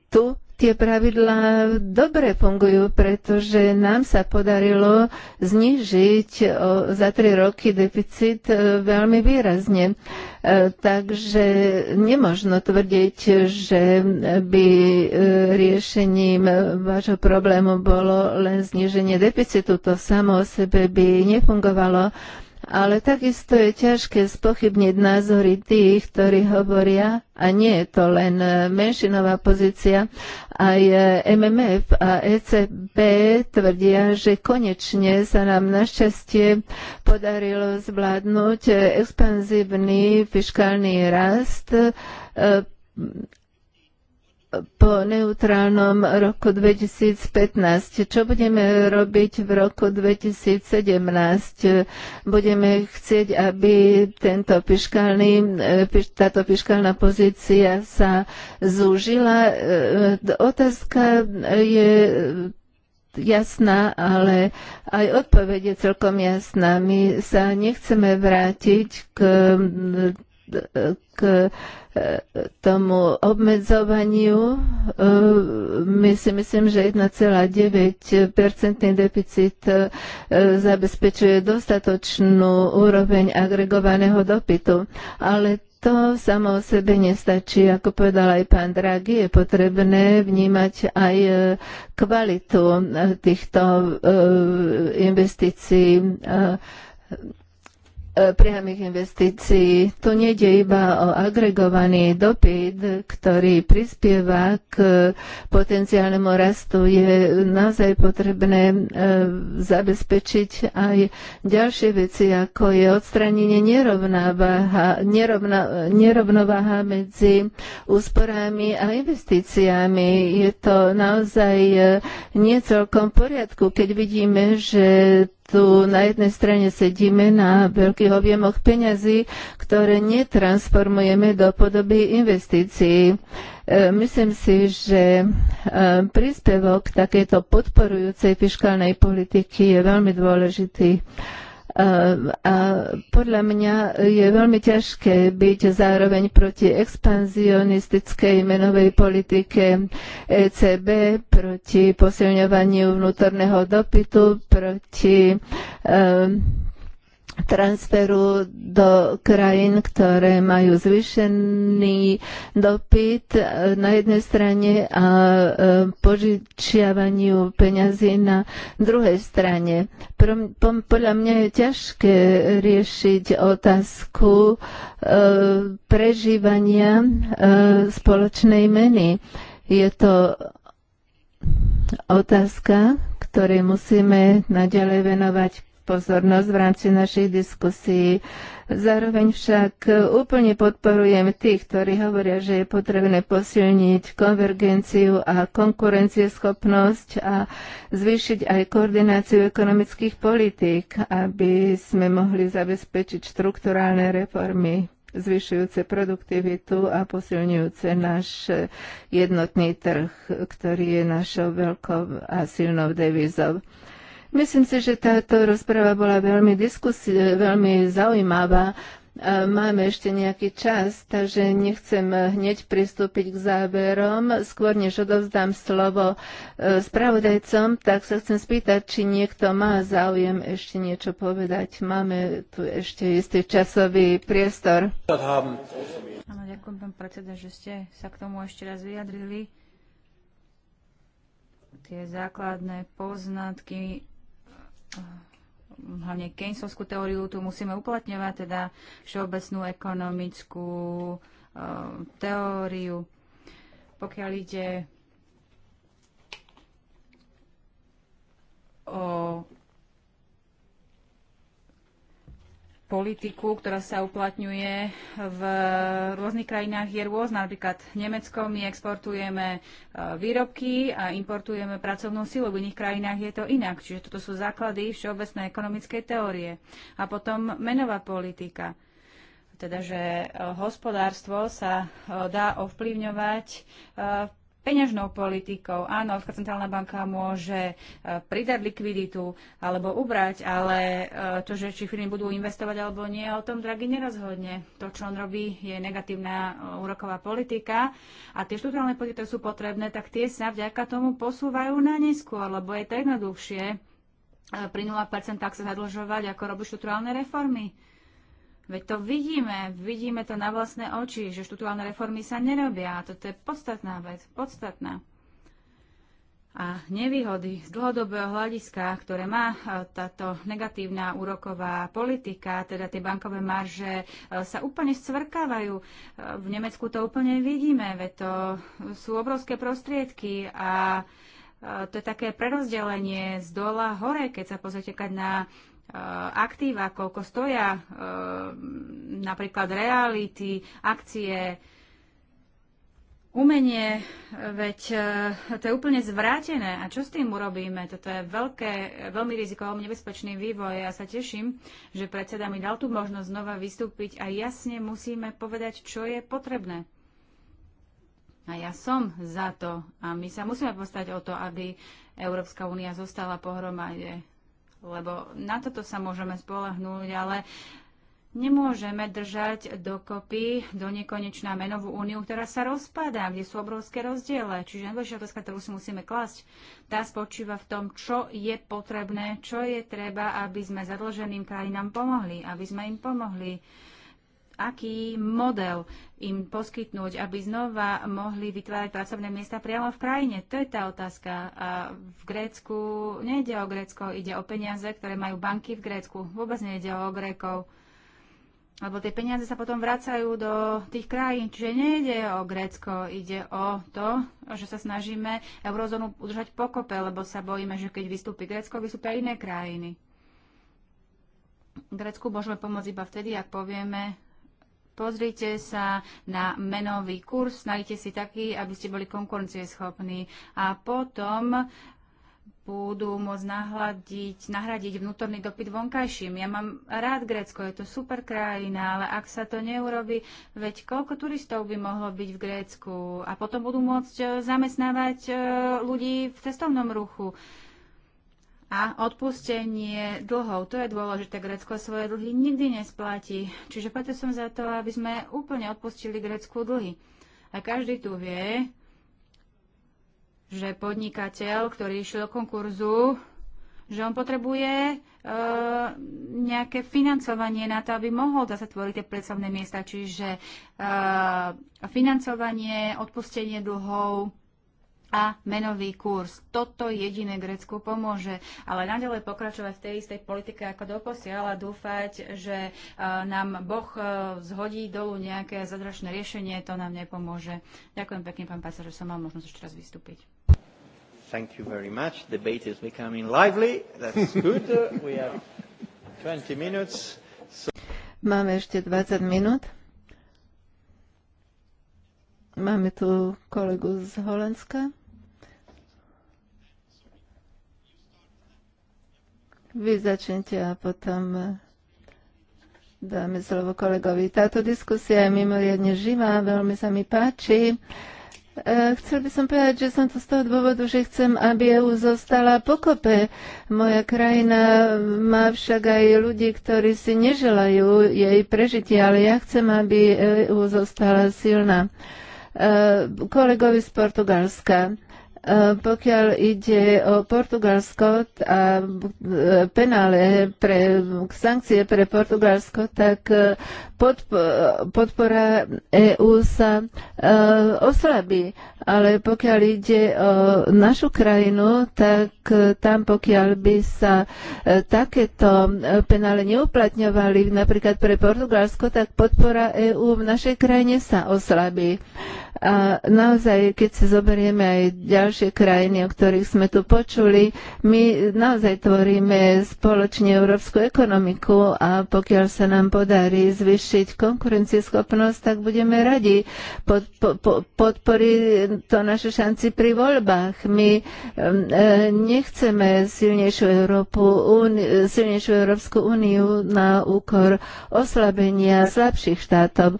tu tie pravidlá dobre fungujú, pretože nám sa podarilo znižiť e, za tri roky deficit e, veľmi výrazne. E, takže nemožno tvrdiť, že by riešením vášho problému bolo len zniženie deficitu. To samo o sebe by nefungovalo ale takisto je ťažké spochybniť názory tých, ktorí hovoria, a nie je to len e, menšinová pozícia, aj e, MMF a ECB tvrdia, že konečne sa nám našťastie podarilo zvládnuť e, expanzívny fiskálny rast po neutrálnom roku 2015. Čo budeme robiť v roku 2017? Budeme chcieť, aby tento piškálny, e, táto fiskálna pozícia sa zúžila. E, otázka je jasná, ale aj odpoveď je celkom jasná. My sa nechceme vrátiť k k e, tomu obmedzovaniu. E, my si myslím, že 1,9% deficit e, zabezpečuje dostatočnú úroveň agregovaného dopytu, ale to samo o sebe nestačí. Ako povedal aj pán Draghi, je potrebné vnímať aj kvalitu týchto investícií priamých investícií. Tu nejde iba o agregovaný dopyt, ktorý prispieva k potenciálnemu rastu. Je naozaj potrebné e, zabezpečiť aj ďalšie veci, ako je odstranenie nerovnováha, nerovna, nerovnováha medzi úsporami a investíciami. Je to naozaj e, niecelkom celkom v poriadku, keď vidíme, že tu na jednej strane sedíme na veľkých objemoch peňazí, ktoré netransformujeme do podoby investícií. E, myslím si, že e, príspevok takejto podporujúcej fiskálnej politiky je veľmi dôležitý. A podľa mňa je veľmi ťažké byť zároveň proti expanzionistickej menovej politike ECB, proti posilňovaniu vnútorného dopytu, proti ehm, transferu do krajín, ktoré majú zvýšený dopyt na jednej strane a e, požičiavaniu peňazí na druhej strane. Podľa mňa je ťažké riešiť otázku e, prežívania e, spoločnej meny. Je to otázka, ktorej musíme naďalej venovať pozornosť v rámci našej diskusí. Zároveň však úplne podporujem tých, ktorí hovoria, že je potrebné posilniť konvergenciu a konkurencieschopnosť a zvýšiť aj koordináciu ekonomických politík, aby sme mohli zabezpečiť štrukturálne reformy zvyšujúce produktivitu a posilňujúce náš jednotný trh, ktorý je našou veľkou a silnou devizou. Myslím si, že táto rozprava bola veľmi, diskusi- veľmi zaujímavá. E, máme ešte nejaký čas, takže nechcem hneď pristúpiť k záverom. Skôr než odovzdám slovo e, spravodajcom, tak sa chcem spýtať, či niekto má záujem ešte niečo povedať. Máme tu ešte istý časový priestor. Áno, ďakujem, pán predseda, že ste sa k tomu ešte raz vyjadrili. Tie základné poznatky Ehm, hlavne Keynesovskú teóriu tu musíme uplatňovať, teda všeobecnú ekonomickú ehm, teóriu. Pokiaľ ide o politiku, ktorá sa uplatňuje v rôznych krajinách, je rôzna. Napríklad v Nemecko my exportujeme e, výrobky a importujeme pracovnú silu. V iných krajinách je to inak. Čiže toto sú základy všeobecnej ekonomickej teórie. A potom menová politika. Teda, že e, hospodárstvo sa e, dá ovplyvňovať peňažnou politikou. Áno, centrálna banka môže e, pridať likviditu alebo ubrať, ale e, to, že či firmy budú investovať alebo nie, o tom Draghi nerozhodne. To, čo on robí, je negatívna e, úroková politika a tie štruktúrálne politiky sú potrebné, tak tie sa vďaka tomu posúvajú na neskôr, lebo je to jednoduchšie pri 0% tak sa zadlžovať, ako robí štruktúrálne reformy. Veď to vidíme, vidíme to na vlastné oči, že štruktúrálne reformy sa nerobia. A toto je podstatná vec, podstatná. A nevýhody z dlhodobého hľadiska, ktoré má e, táto negatívna úroková politika, teda tie bankové marže, e, sa úplne scvrkávajú. E, v Nemecku to úplne vidíme, veď to sú obrovské prostriedky a to je také prerozdelenie z dola hore, keď sa pozrite na Eh, aktíva, koľko stoja eh, napríklad reality, akcie, umenie, veď eh, to je úplne zvrátené. A čo s tým urobíme? Toto je veľké, veľmi rizikovo nebezpečný vývoj. Ja sa teším, že predseda mi dal tú možnosť znova vystúpiť a jasne musíme povedať, čo je potrebné. A ja som za to. A my sa musíme postať o to, aby Európska únia zostala pohromade lebo na toto sa môžeme spolahnúť, ale Nemôžeme držať dokopy do nekonečná menovú úniu, ktorá sa rozpadá, kde sú obrovské rozdiele. Čiže najdôležitá otázka, ktorú si musíme klasť, tá spočíva v tom, čo je potrebné, čo je treba, aby sme zadlženým krajinám pomohli, aby sme im pomohli aký model im poskytnúť, aby znova mohli vytvárať pracovné miesta priamo v krajine. To je tá otázka. A v Grécku nejde o Grécko, ide o peniaze, ktoré majú banky v Grécku. Vôbec nejde o Grékov. Lebo tie peniaze sa potom vracajú do tých krajín. Čiže nejde o Grécko, ide o to, že sa snažíme eurozónu udržať pokope, lebo sa bojíme, že keď vystúpi Grécko, vystúpia iné krajiny. Grécku môžeme pomôcť iba vtedy, ak povieme, Pozrite sa na menový kurz, nájdete si taký, aby ste boli konkurencieschopní. A potom budú môcť nahradiť, nahradiť vnútorný dopyt vonkajším. Ja mám rád Grécko, je to super krajina, ale ak sa to neurobi, veď koľko turistov by mohlo byť v Grécku a potom budú môcť zamestnávať e, ľudí v cestovnom ruchu a odpustenie dlhov. To je dôležité. Grécko svoje dlhy nikdy nesplatí. Čiže preto som za to, aby sme úplne odpustili Grécku dlhy. A každý tu vie, že podnikateľ, ktorý išiel do konkurzu, že on potrebuje e, nejaké financovanie na to, aby mohol zatvoriť tie pracovné miesta. Čiže e, financovanie, odpustenie dlhov, a menový kurz. Toto jediné Grécku pomôže. Ale naďalej pokračovať v tej istej politike ako doposiaľ a dúfať, že e, nám Boh e, zhodí dolu nejaké zadračné riešenie, to nám nepomôže. Ďakujem pekne, pán Pacer, že som mal možnosť ešte raz vystúpiť. Thank you very much. Debate is becoming lively. That's good. We have 20 minutes. So... Máme ešte 20 minút. Máme tu kolegu z Holandska. Vy začnite a potom eh, dáme slovo kolegovi. Táto diskusia je mimoriadne živá, veľmi sa mi páči. Eh, chcel by som povedať, že som to z toho dôvodu, že chcem, aby EU zostala pokope. Moja krajina má však aj ľudí, ktorí si neželajú jej prežitie, ale ja chcem, aby EU zostala silná. Eh, kolegovi z Portugalska E, pokiaľ ide o Portugalsko a e, penále pre sankcie pre Portugalsko, tak e, podpora EÚ sa oslabí. Ale pokiaľ ide o našu krajinu, tak tam pokiaľ by sa takéto penále neuplatňovali napríklad pre Portugalsko, tak podpora EÚ v našej krajine sa oslabí. A naozaj, keď si zoberieme aj ďalšie ďalšie krajiny, o ktorých sme tu počuli. My naozaj tvoríme spoločne európsku ekonomiku a pokiaľ sa nám podarí zvyšiť konkurencieschopnosť, tak budeme radi. Pod, po, po, podporí to naše šanci pri voľbách. My e, nechceme silnejšiu, Európu, un, silnejšiu Európsku úniu na úkor oslabenia slabších štátov.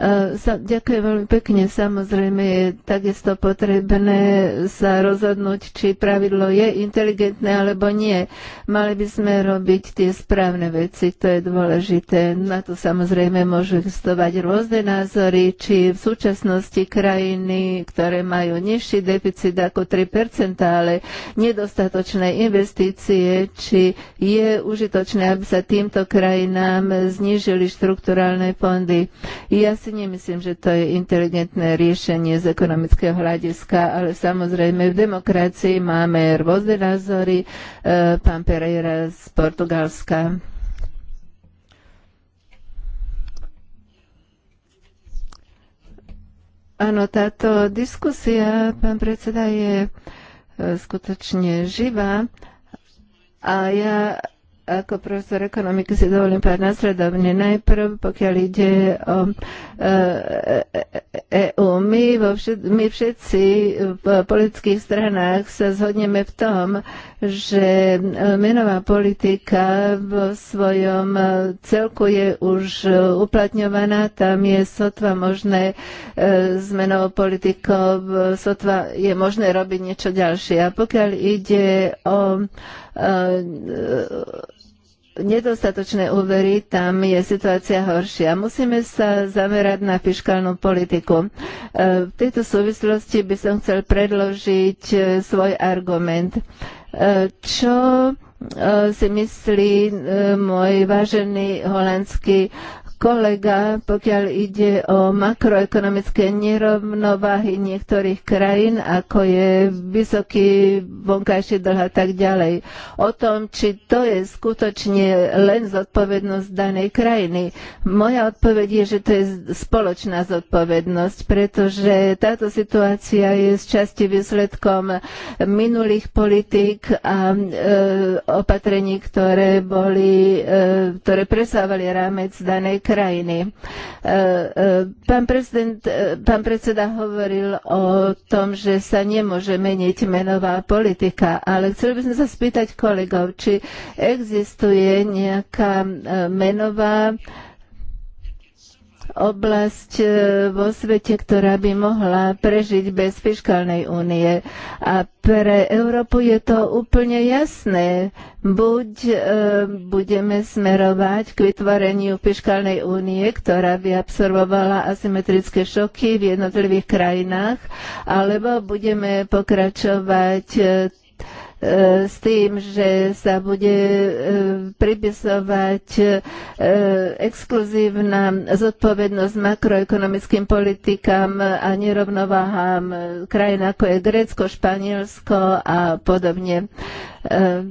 E, sa, ďakujem veľmi pekne. Samozrejme je takisto potrebné sa rozhodnúť, či pravidlo je inteligentné alebo nie. Mali by sme robiť tie správne veci, to je dôležité. Na to samozrejme môžu existovať rôzne názory, či v súčasnosti krajiny, ktoré majú nižší deficit ako 3%, ale nedostatočné investície, či je užitočné, aby sa týmto krajinám znížili štrukturálne fondy. Ja si nemyslím, že to je inteligentné riešenie z ekonomického hľadiska, ale samozrejme Samozrejme, v demokracii máme rôzne názory. E, pán Pereira z Portugalska. Áno, táto diskusia, pán predseda, je e, skutočne živá a ja ako profesor ekonomiky si dovolím pár následovne. Najprv, pokiaľ ide o EU, e, e, e my, vo všet, my všetci v politických stranách sa zhodneme v tom, že e, menová politika vo svojom e, celku je už e, uplatňovaná, tam je sotva možné s menovou politikou, sotva je možné robiť niečo ďalšie. A pokiaľ ide o nedostatočné úvery, tam je situácia horšia. Musíme sa zamerať na fiskálnu politiku. E, v tejto súvislosti by som chcel predložiť e, svoj argument. E, čo si myslí môj vážený holandský kolega, pokiaľ ide o makroekonomické nerovnováhy niektorých krajín, ako je vysoký vonkajší dlh a tak ďalej. O tom, či to je skutočne len zodpovednosť danej krajiny. Moja odpoveď je, že to je spoločná zodpovednosť, pretože táto situácia je z časti výsledkom minulých politík a e, opatrení, ktoré boli, e, ktoré presávali rámec danej krajiny krajiny. E, e, pán, prezident, e, pán predseda hovoril o tom, že sa nemôže meniť menová politika, ale chceli by sme sa spýtať kolegov, či existuje nejaká menová oblasť e, vo svete, ktorá by mohla prežiť bez fiskálnej únie. A pre Európu je to úplne jasné. Buď e, budeme smerovať k vytvoreniu fiskálnej únie, ktorá by absorbovala asymetrické šoky v jednotlivých krajinách, alebo budeme pokračovať e, E, s tým, že sa bude e, pripisovať e, exkluzívna zodpovednosť makroekonomickým politikám a nerovnováhám krajín ako je Grécko, Španielsko a podobne. A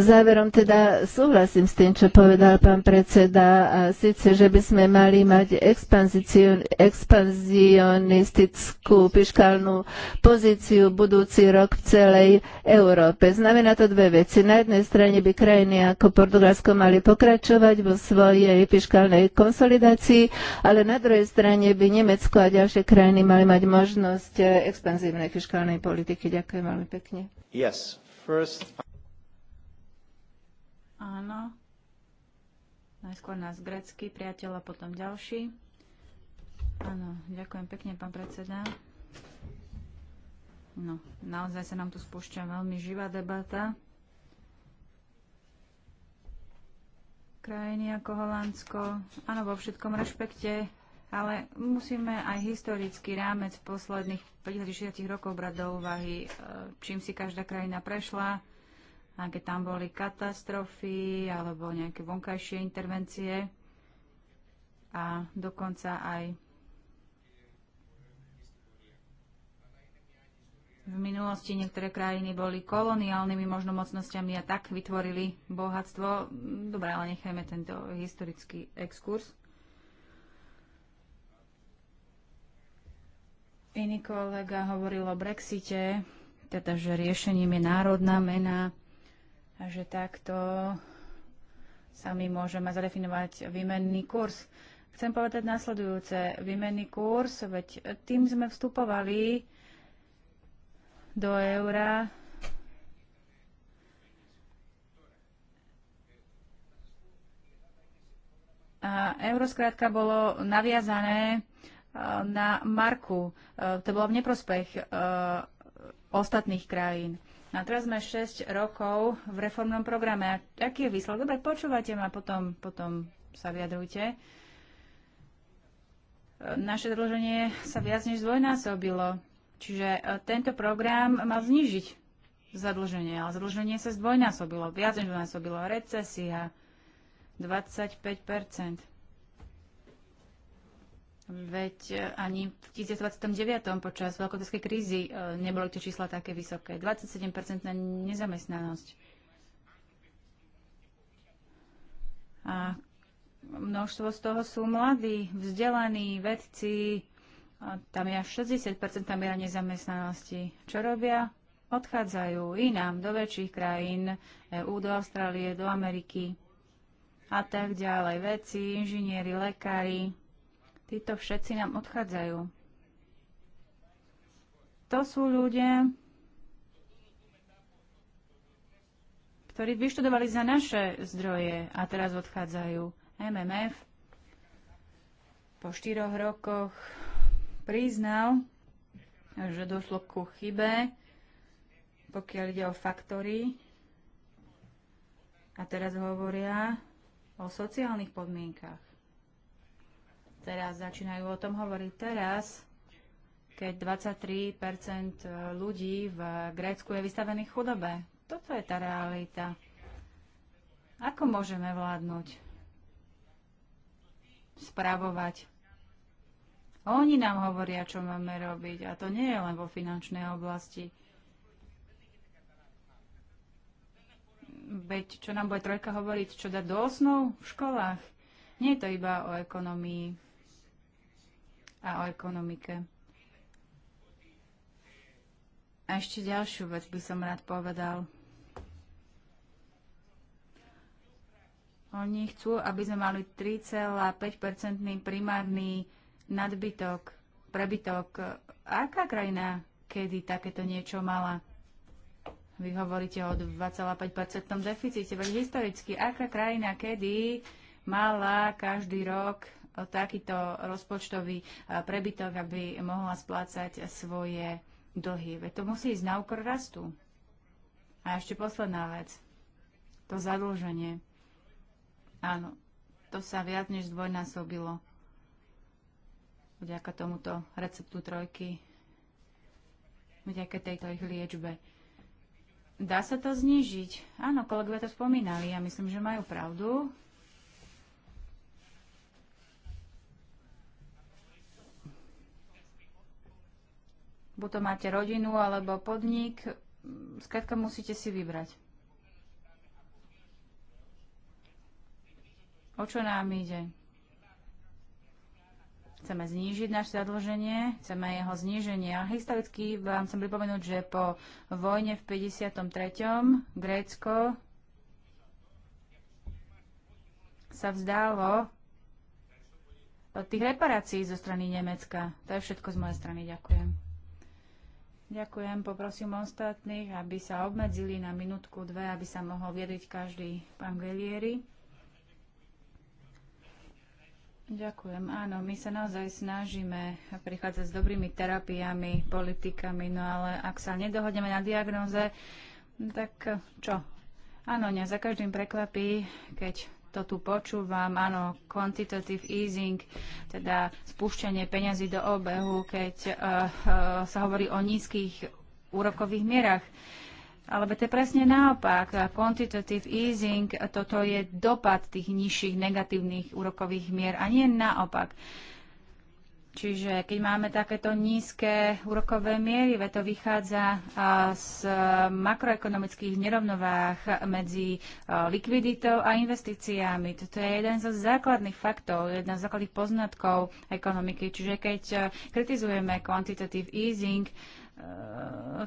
záverom teda súhlasím s tým, čo povedal pán predseda, a síce, že by sme mali mať expanzionistickú fiskálnu pozíciu budúci rok v celej Európe. Znamená to dve veci. Na jednej strane by krajiny ako Portugalsko mali pokračovať vo svojej fiskálnej konsolidácii, ale na druhej strane by Nemecko a ďalšie krajiny mali mať možnosť e, expanzívnej fiskálnej politiky. Ďakujem veľmi pekne. Yes. First... Áno. Najskôr nás grecký priateľ a potom ďalší. Áno, ďakujem pekne, pán predseda. No, naozaj sa nám tu spúšťa veľmi živá debata. Krajiny ako Holandsko, áno, vo všetkom rešpekte, ale musíme aj historický rámec posledných 50-60 rokov brať do úvahy, e, čím si každá krajina prešla, aké tam boli katastrofy alebo nejaké vonkajšie intervencie a dokonca aj v minulosti niektoré krajiny boli koloniálnymi možno mocnosťami a tak vytvorili bohatstvo. Dobre, ale nechajme tento historický exkurs. Iný kolega hovoril o Brexite, teda že riešením je národná mena a že takto sami môžeme zadefinovať výmenný kurz. Chcem povedať následujúce. Výmenný kurz, veď tým sme vstupovali do eura A euro skrátka bolo naviazané na marku. E, to bolo v neprospech e, ostatných krajín. A teraz sme 6 rokov v reformnom programe. Aký je výsledok? Dobre, počúvate ma, potom, potom sa vyjadrujte. E, naše zadlženie sa viac než zdvojnásobilo. Čiže tento program mal znižiť zadlženie, ale zadlženie sa zdvojnásobilo, viac než zdvojnásobilo. Recesia 25 Veď e, ani v 1929. počas veľkotovskej krízy e, neboli tie čísla také vysoké. 27% na nezamestnanosť. A množstvo z toho sú mladí, vzdelaní, vedci. Tam je až 60% miera nezamestnanosti. Čo robia? Odchádzajú inám, do väčších krajín, EU, do Austrálie, do Ameriky a tak ďalej. Vedci, inžinieri, lekári, Títo všetci nám odchádzajú. To sú ľudia, ktorí vyštudovali za naše zdroje a teraz odchádzajú. MMF po štyroch rokoch priznal, že došlo ku chybe, pokiaľ ide o faktory. A teraz hovoria o sociálnych podmienkach teraz začínajú o tom hovoriť. Teraz, keď 23 e, ľudí v Grécku je vystavených chudobe. Toto je tá realita. Ako môžeme vládnuť? Spravovať. Oni nám hovoria, čo máme robiť. A to nie je len vo finančnej oblasti. Veď čo nám bude trojka hovoriť, čo dať do osnov v školách? Nie je to iba o ekonomii a o ekonomike. A ešte ďalšiu vec by som rád povedal. Oni chcú, aby sme mali 3,5-percentný primárny nadbytok, prebytok. Aká krajina kedy takéto niečo mala? Vy hovoríte o 2,5-percentnom deficite, veď historicky, aká krajina kedy mala každý rok takýto rozpočtový e, prebytok, aby mohla splácať svoje dlhy. Veď to musí ísť na úkor rastu. A ešte posledná vec. To zadlženie. Áno, to sa viac než zdvojnásobilo vďaka tomuto receptu trojky, vďaka tejto ich liečbe. Dá sa to znížiť. Áno, kolegovia to spomínali a ja myslím, že majú pravdu. buď to máte rodinu alebo podnik, skrátka musíte si vybrať. O čo nám ide? Chceme znížiť naše zadlženie, chceme jeho zníženie. A historicky vám chcem pripomenúť, že po vojne v 53. Grécko sa vzdalo tých reparácií zo strany Nemecka. To je všetko z mojej strany. Ďakujem. Ďakujem, poprosím ostatných, aby sa obmedzili na minútku, dve, aby sa mohol viedriť každý pán Gelieri. Ďakujem. Áno, my sa naozaj snažíme prichádzať s dobrými terapiami, politikami, no ale ak sa nedohodneme na diagnoze, tak čo? Áno, mňa za každým prekvapí, keď to tu počúvam, áno, quantitative easing, teda spúšťanie peňazí do obehu, keď uh, uh, sa hovorí o nízkych úrokových mierach. Alebo to je presne naopak. Quantitative easing, toto je dopad tých nižších negatívnych úrokových mier a nie naopak. Čiže keď máme takéto nízke úrokové miery, to vychádza z e, makroekonomických nerovnovách medzi e, likviditou a investíciami. Toto je jeden zo základných faktov, jedna z základných poznatkov ekonomiky. Čiže keď e, kritizujeme quantitative easing,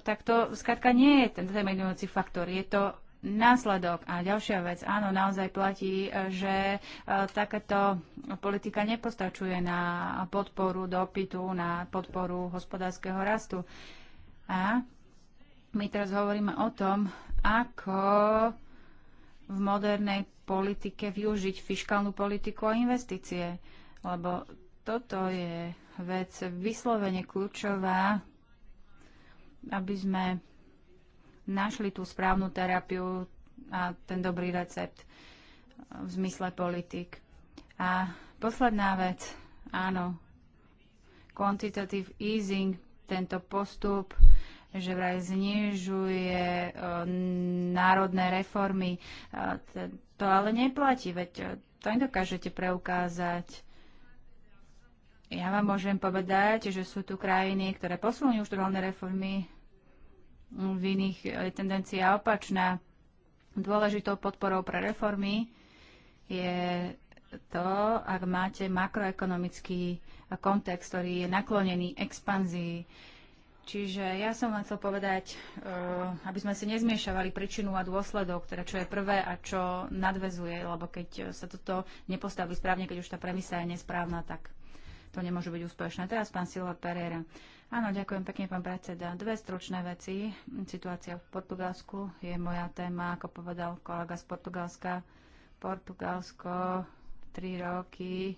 tak to skrátka nie je ten determinujúci faktor. Je to následok. A ďalšia vec, áno, naozaj platí, že e, takáto politika nepostačuje na podporu dopytu, na podporu hospodárskeho rastu. A my teraz hovoríme o tom, ako v modernej politike využiť fiskálnu politiku a investície. Lebo toto je vec vyslovene kľúčová, aby sme našli tú správnu terapiu a ten dobrý recept v zmysle politik. A posledná vec, áno, quantitative easing, tento postup, že vraj znižuje e, národné reformy. E, to ale neplatí, veď e, to nedokážete preukázať. Ja vám môžem povedať, že sú tu krajiny, ktoré posunú štruálne reformy v iných je tendencia opačná. Dôležitou podporou pre reformy je to, ak máte makroekonomický kontext, ktorý je naklonený expanzii. Čiže ja som len chcel povedať, e, aby sme si nezmiešavali príčinu a dôsledok, teda čo je prvé a čo nadvezuje, lebo keď sa toto nepostaví správne, keď už tá premisa je nesprávna, tak to nemôže byť úspešné. Teraz pán Silva Pereira. Áno, ďakujem pekne, pán predseda. Dve stručné veci. Situácia v Portugalsku je moja téma, ako povedal kolega z Portugalska. Portugalsko tri roky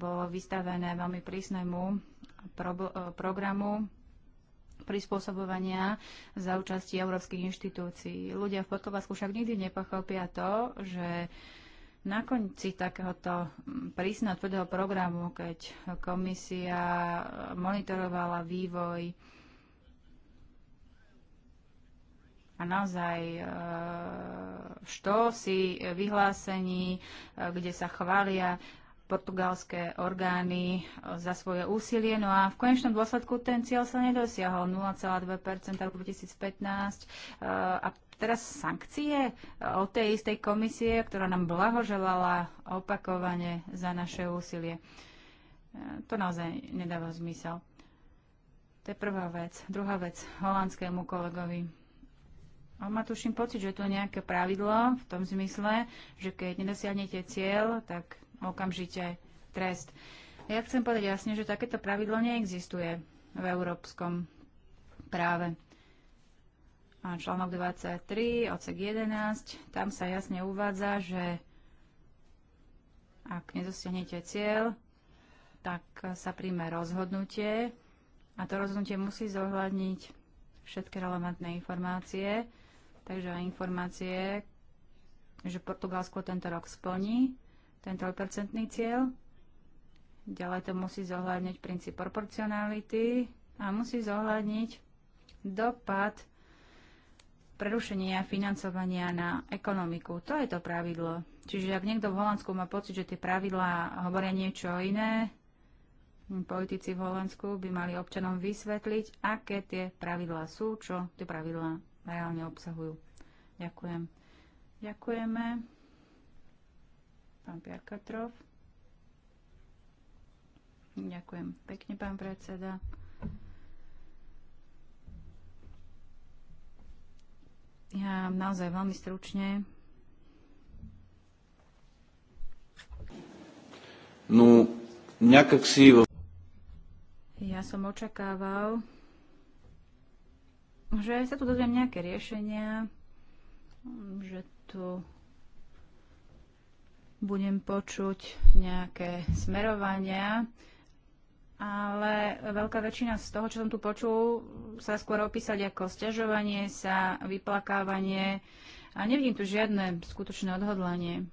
bolo vystavené veľmi prísnemu pro, e, programu prispôsobovania za účasti európskych inštitúcií. Ľudia v Portugalsku však nikdy nepochopia to, že na konci takéhoto mm, prísne odpovedého programu, keď komisia eh, monitorovala vývoj a naozaj eh, što si vyhlásení, eh, kde sa chvália portugalské orgány za svoje úsilie. No a v konečnom dôsledku ten cieľ sa nedosiahol 0,2% v 2015 a teraz sankcie e, od tej istej komisie, ktorá nám blahoželala opakovane za naše úsilie. E, to naozaj nedáva zmysel. To je prvá vec. Druhá vec holandskému kolegovi. On má tuším pocit, že to je nejaké pravidlo v tom zmysle, že keď nedosiahnete cieľ, tak okamžite trest. Ja chcem povedať jasne, že takéto pravidlo neexistuje v európskom práve článok 23, odsek 11, tam sa jasne uvádza, že ak nedosiahnete cieľ, tak sa príjme rozhodnutie a to rozhodnutie musí zohľadniť všetky relevantné informácie, takže informácie, že Portugalsko tento rok splní ten 3% cieľ, ďalej to musí zohľadniť princíp proporcionality a musí zohľadniť dopad prerušenia financovania na ekonomiku. To je to pravidlo. Čiže ak niekto v Holandsku má pocit, že tie pravidlá hovoria niečo iné, politici v Holandsku by mali občanom vysvetliť, aké tie pravidlá sú, čo tie pravidlá reálne obsahujú. Ďakujem. Ďakujeme. Pán Piarkatrov. Ďakujem pekne, pán predseda. Ja naozaj veľmi stručne. No, някак si... Ja som očakával, že sa tu dozviem nejaké riešenia, že tu budem počuť nejaké smerovania, ale veľká väčšina z toho, čo som tu počul, sa skôr opísať ako stiažovanie sa, vyplakávanie a nevidím tu žiadne skutočné odhodlanie.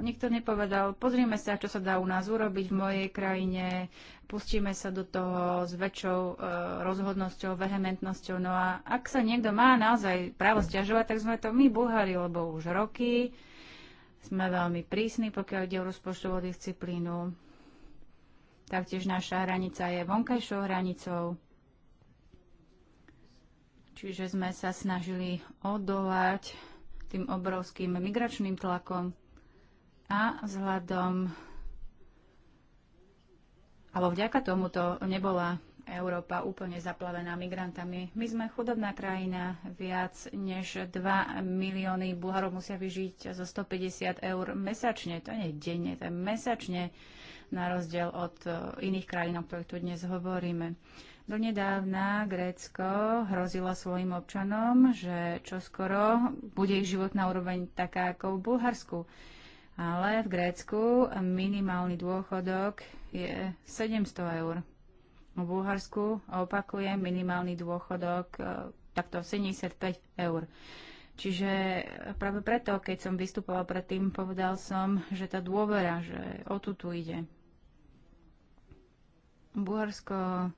Nikto nepovedal, pozrime sa, čo sa dá u nás urobiť v mojej krajine, pustíme sa do toho s väčšou e, rozhodnosťou, vehementnosťou. No a ak sa niekto má naozaj právo stiažovať, tak sme to my, Bulhári, lebo už roky, sme veľmi prísni, pokiaľ ide o rozpočtovú disciplínu. Taktiež naša hranica je vonkajšou hranicou. Čiže sme sa snažili odolať tým obrovským migračným tlakom a vzhľadom alebo vďaka tomuto nebola Európa úplne zaplavená migrantami. My sme chudobná krajina, viac než 2 milióny Bulharov musia vyžiť zo 150 eur mesačne. To nie je denne, to je mesačne, na rozdiel od e, iných krajín, o ktorých tu dnes hovoríme. nedávna Grécko hrozilo svojim občanom, že čoskoro bude ich životná úroveň taká ako v Bulharsku. Ale v Grécku minimálny dôchodok je 700 eur v Bulharsku, opakujem, minimálny dôchodok e, takto 75 eur. Čiže práve preto, keď som vystupoval predtým, povedal som, že tá dôvera, že o tu tu ide. Bulharsko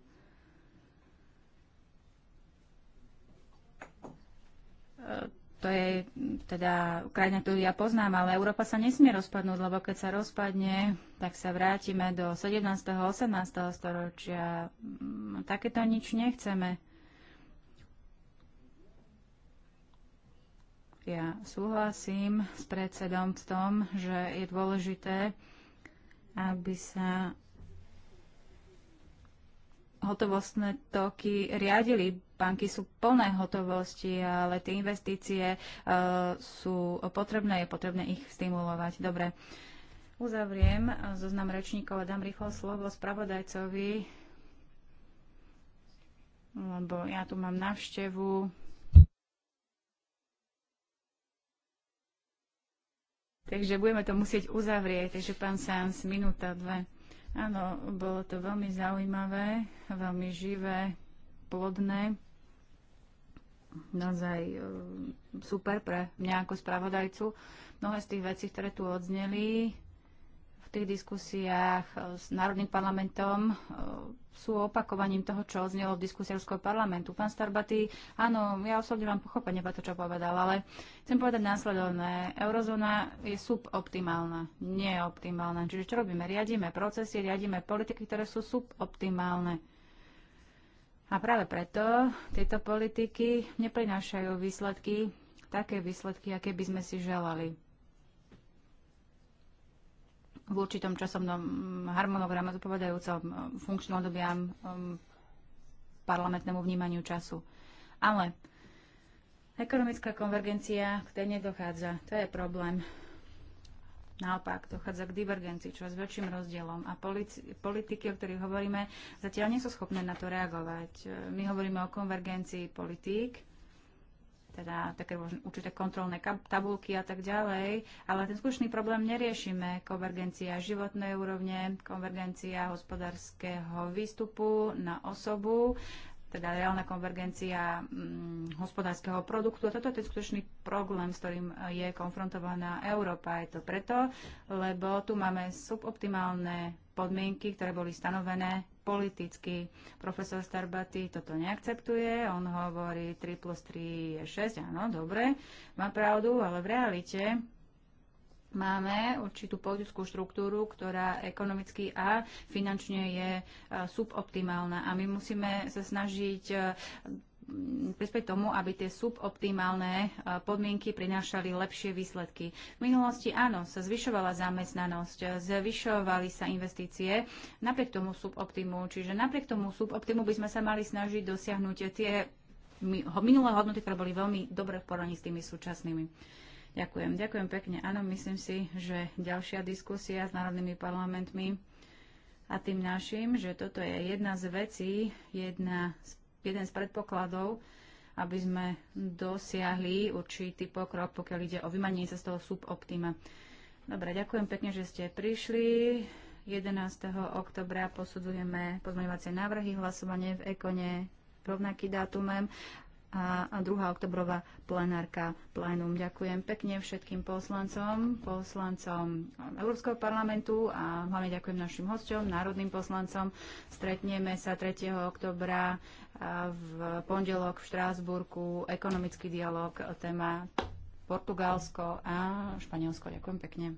to je teda krajina, ktorú ja poznám, ale Európa sa nesmie rozpadnúť, lebo keď sa rozpadne, tak sa vrátime do 17. 18. storočia. Mm, takéto nič nechceme. Ja súhlasím s predsedom v tom, že je dôležité, aby sa hotovostné toky riadili banky sú plné hotovosti, ale tie investície e, sú potrebné, je potrebné ich stimulovať. Dobre, uzavriem zoznam rečníkov a dám rýchlo slovo spravodajcovi, lebo ja tu mám navštevu. Takže budeme to musieť uzavrieť. Takže pán Sáns, minúta, dve. Áno, bolo to veľmi zaujímavé, veľmi živé, plodné naozaj e, super pre mňa ako spravodajcu. Mnohé z tých vecí, ktoré tu odzneli v tých diskusiách e, s Národným parlamentom, e, sú opakovaním toho, čo odznelo v diskusii parlamentu. Pán Starbaty, áno, ja osobne mám pochopenie to, čo povedal, ale chcem povedať následovné. Eurozóna je suboptimálna, nie optimálna. Čiže čo robíme? Riadíme procesy, riadíme politiky, ktoré sú suboptimálne a práve preto tieto politiky neprinášajú výsledky, také výsledky, aké by sme si želali. V určitom časovnom harmonograme zodpovedajúcom eh, funkčnom obdobiam eh, parlamentnému vnímaniu času. Ale ekonomická konvergencia k tej nedochádza. To je problém. Naopak, dochádza k divergencii, čo s väčším rozdielom. A politiky, o ktorých hovoríme, zatiaľ nie sú schopné na to reagovať. My hovoríme o konvergencii politík, teda také určité kontrolné tabulky a tak ďalej, ale ten skutočný problém neriešime. Konvergencia životnej úrovne, konvergencia hospodárskeho výstupu na osobu, teda reálna konvergencia hm, hospodárskeho produktu. A toto je ten skutočný problém, s ktorým e, je konfrontovaná Európa. Je to preto, lebo tu máme suboptimálne podmienky, ktoré boli stanovené politicky. Profesor Starbaty toto neakceptuje, on hovorí 3 plus 3 je 6, áno, dobre, má pravdu, ale v realite máme určitú politickú štruktúru, ktorá ekonomicky a finančne je e, suboptimálna. A my musíme sa snažiť e, prispieť tomu, aby tie suboptimálne e, podmienky prinášali lepšie výsledky. V minulosti áno, sa zvyšovala zamestnanosť, zvyšovali sa investície napriek tomu suboptimu. Čiže napriek tomu suboptimu by sme sa mali snažiť dosiahnuť tie minulé hodnoty, ktoré boli veľmi dobre v porovnaní s tými súčasnými. Ďakujem, ďakujem pekne. Áno, myslím si, že ďalšia diskusia s národnými parlamentmi a tým našim, že toto je jedna z vecí, jedna z, jeden z predpokladov, aby sme dosiahli určitý pokrok, pokiaľ ide o vymanenie sa z toho suboptima. Dobre, ďakujem pekne, že ste prišli. 11. oktobra posudzujeme pozmeňovacie návrhy, hlasovanie v Ekone rovnaký dátumem a, a druhá oktobrová plenárka plénum. Ďakujem pekne všetkým poslancom, poslancom Európskeho parlamentu a hlavne ďakujem našim hosťom, národným poslancom. Stretneme sa 3. oktobra v pondelok v Štrásburku. Ekonomický dialog, téma Portugalsko a Španielsko. Ďakujem pekne.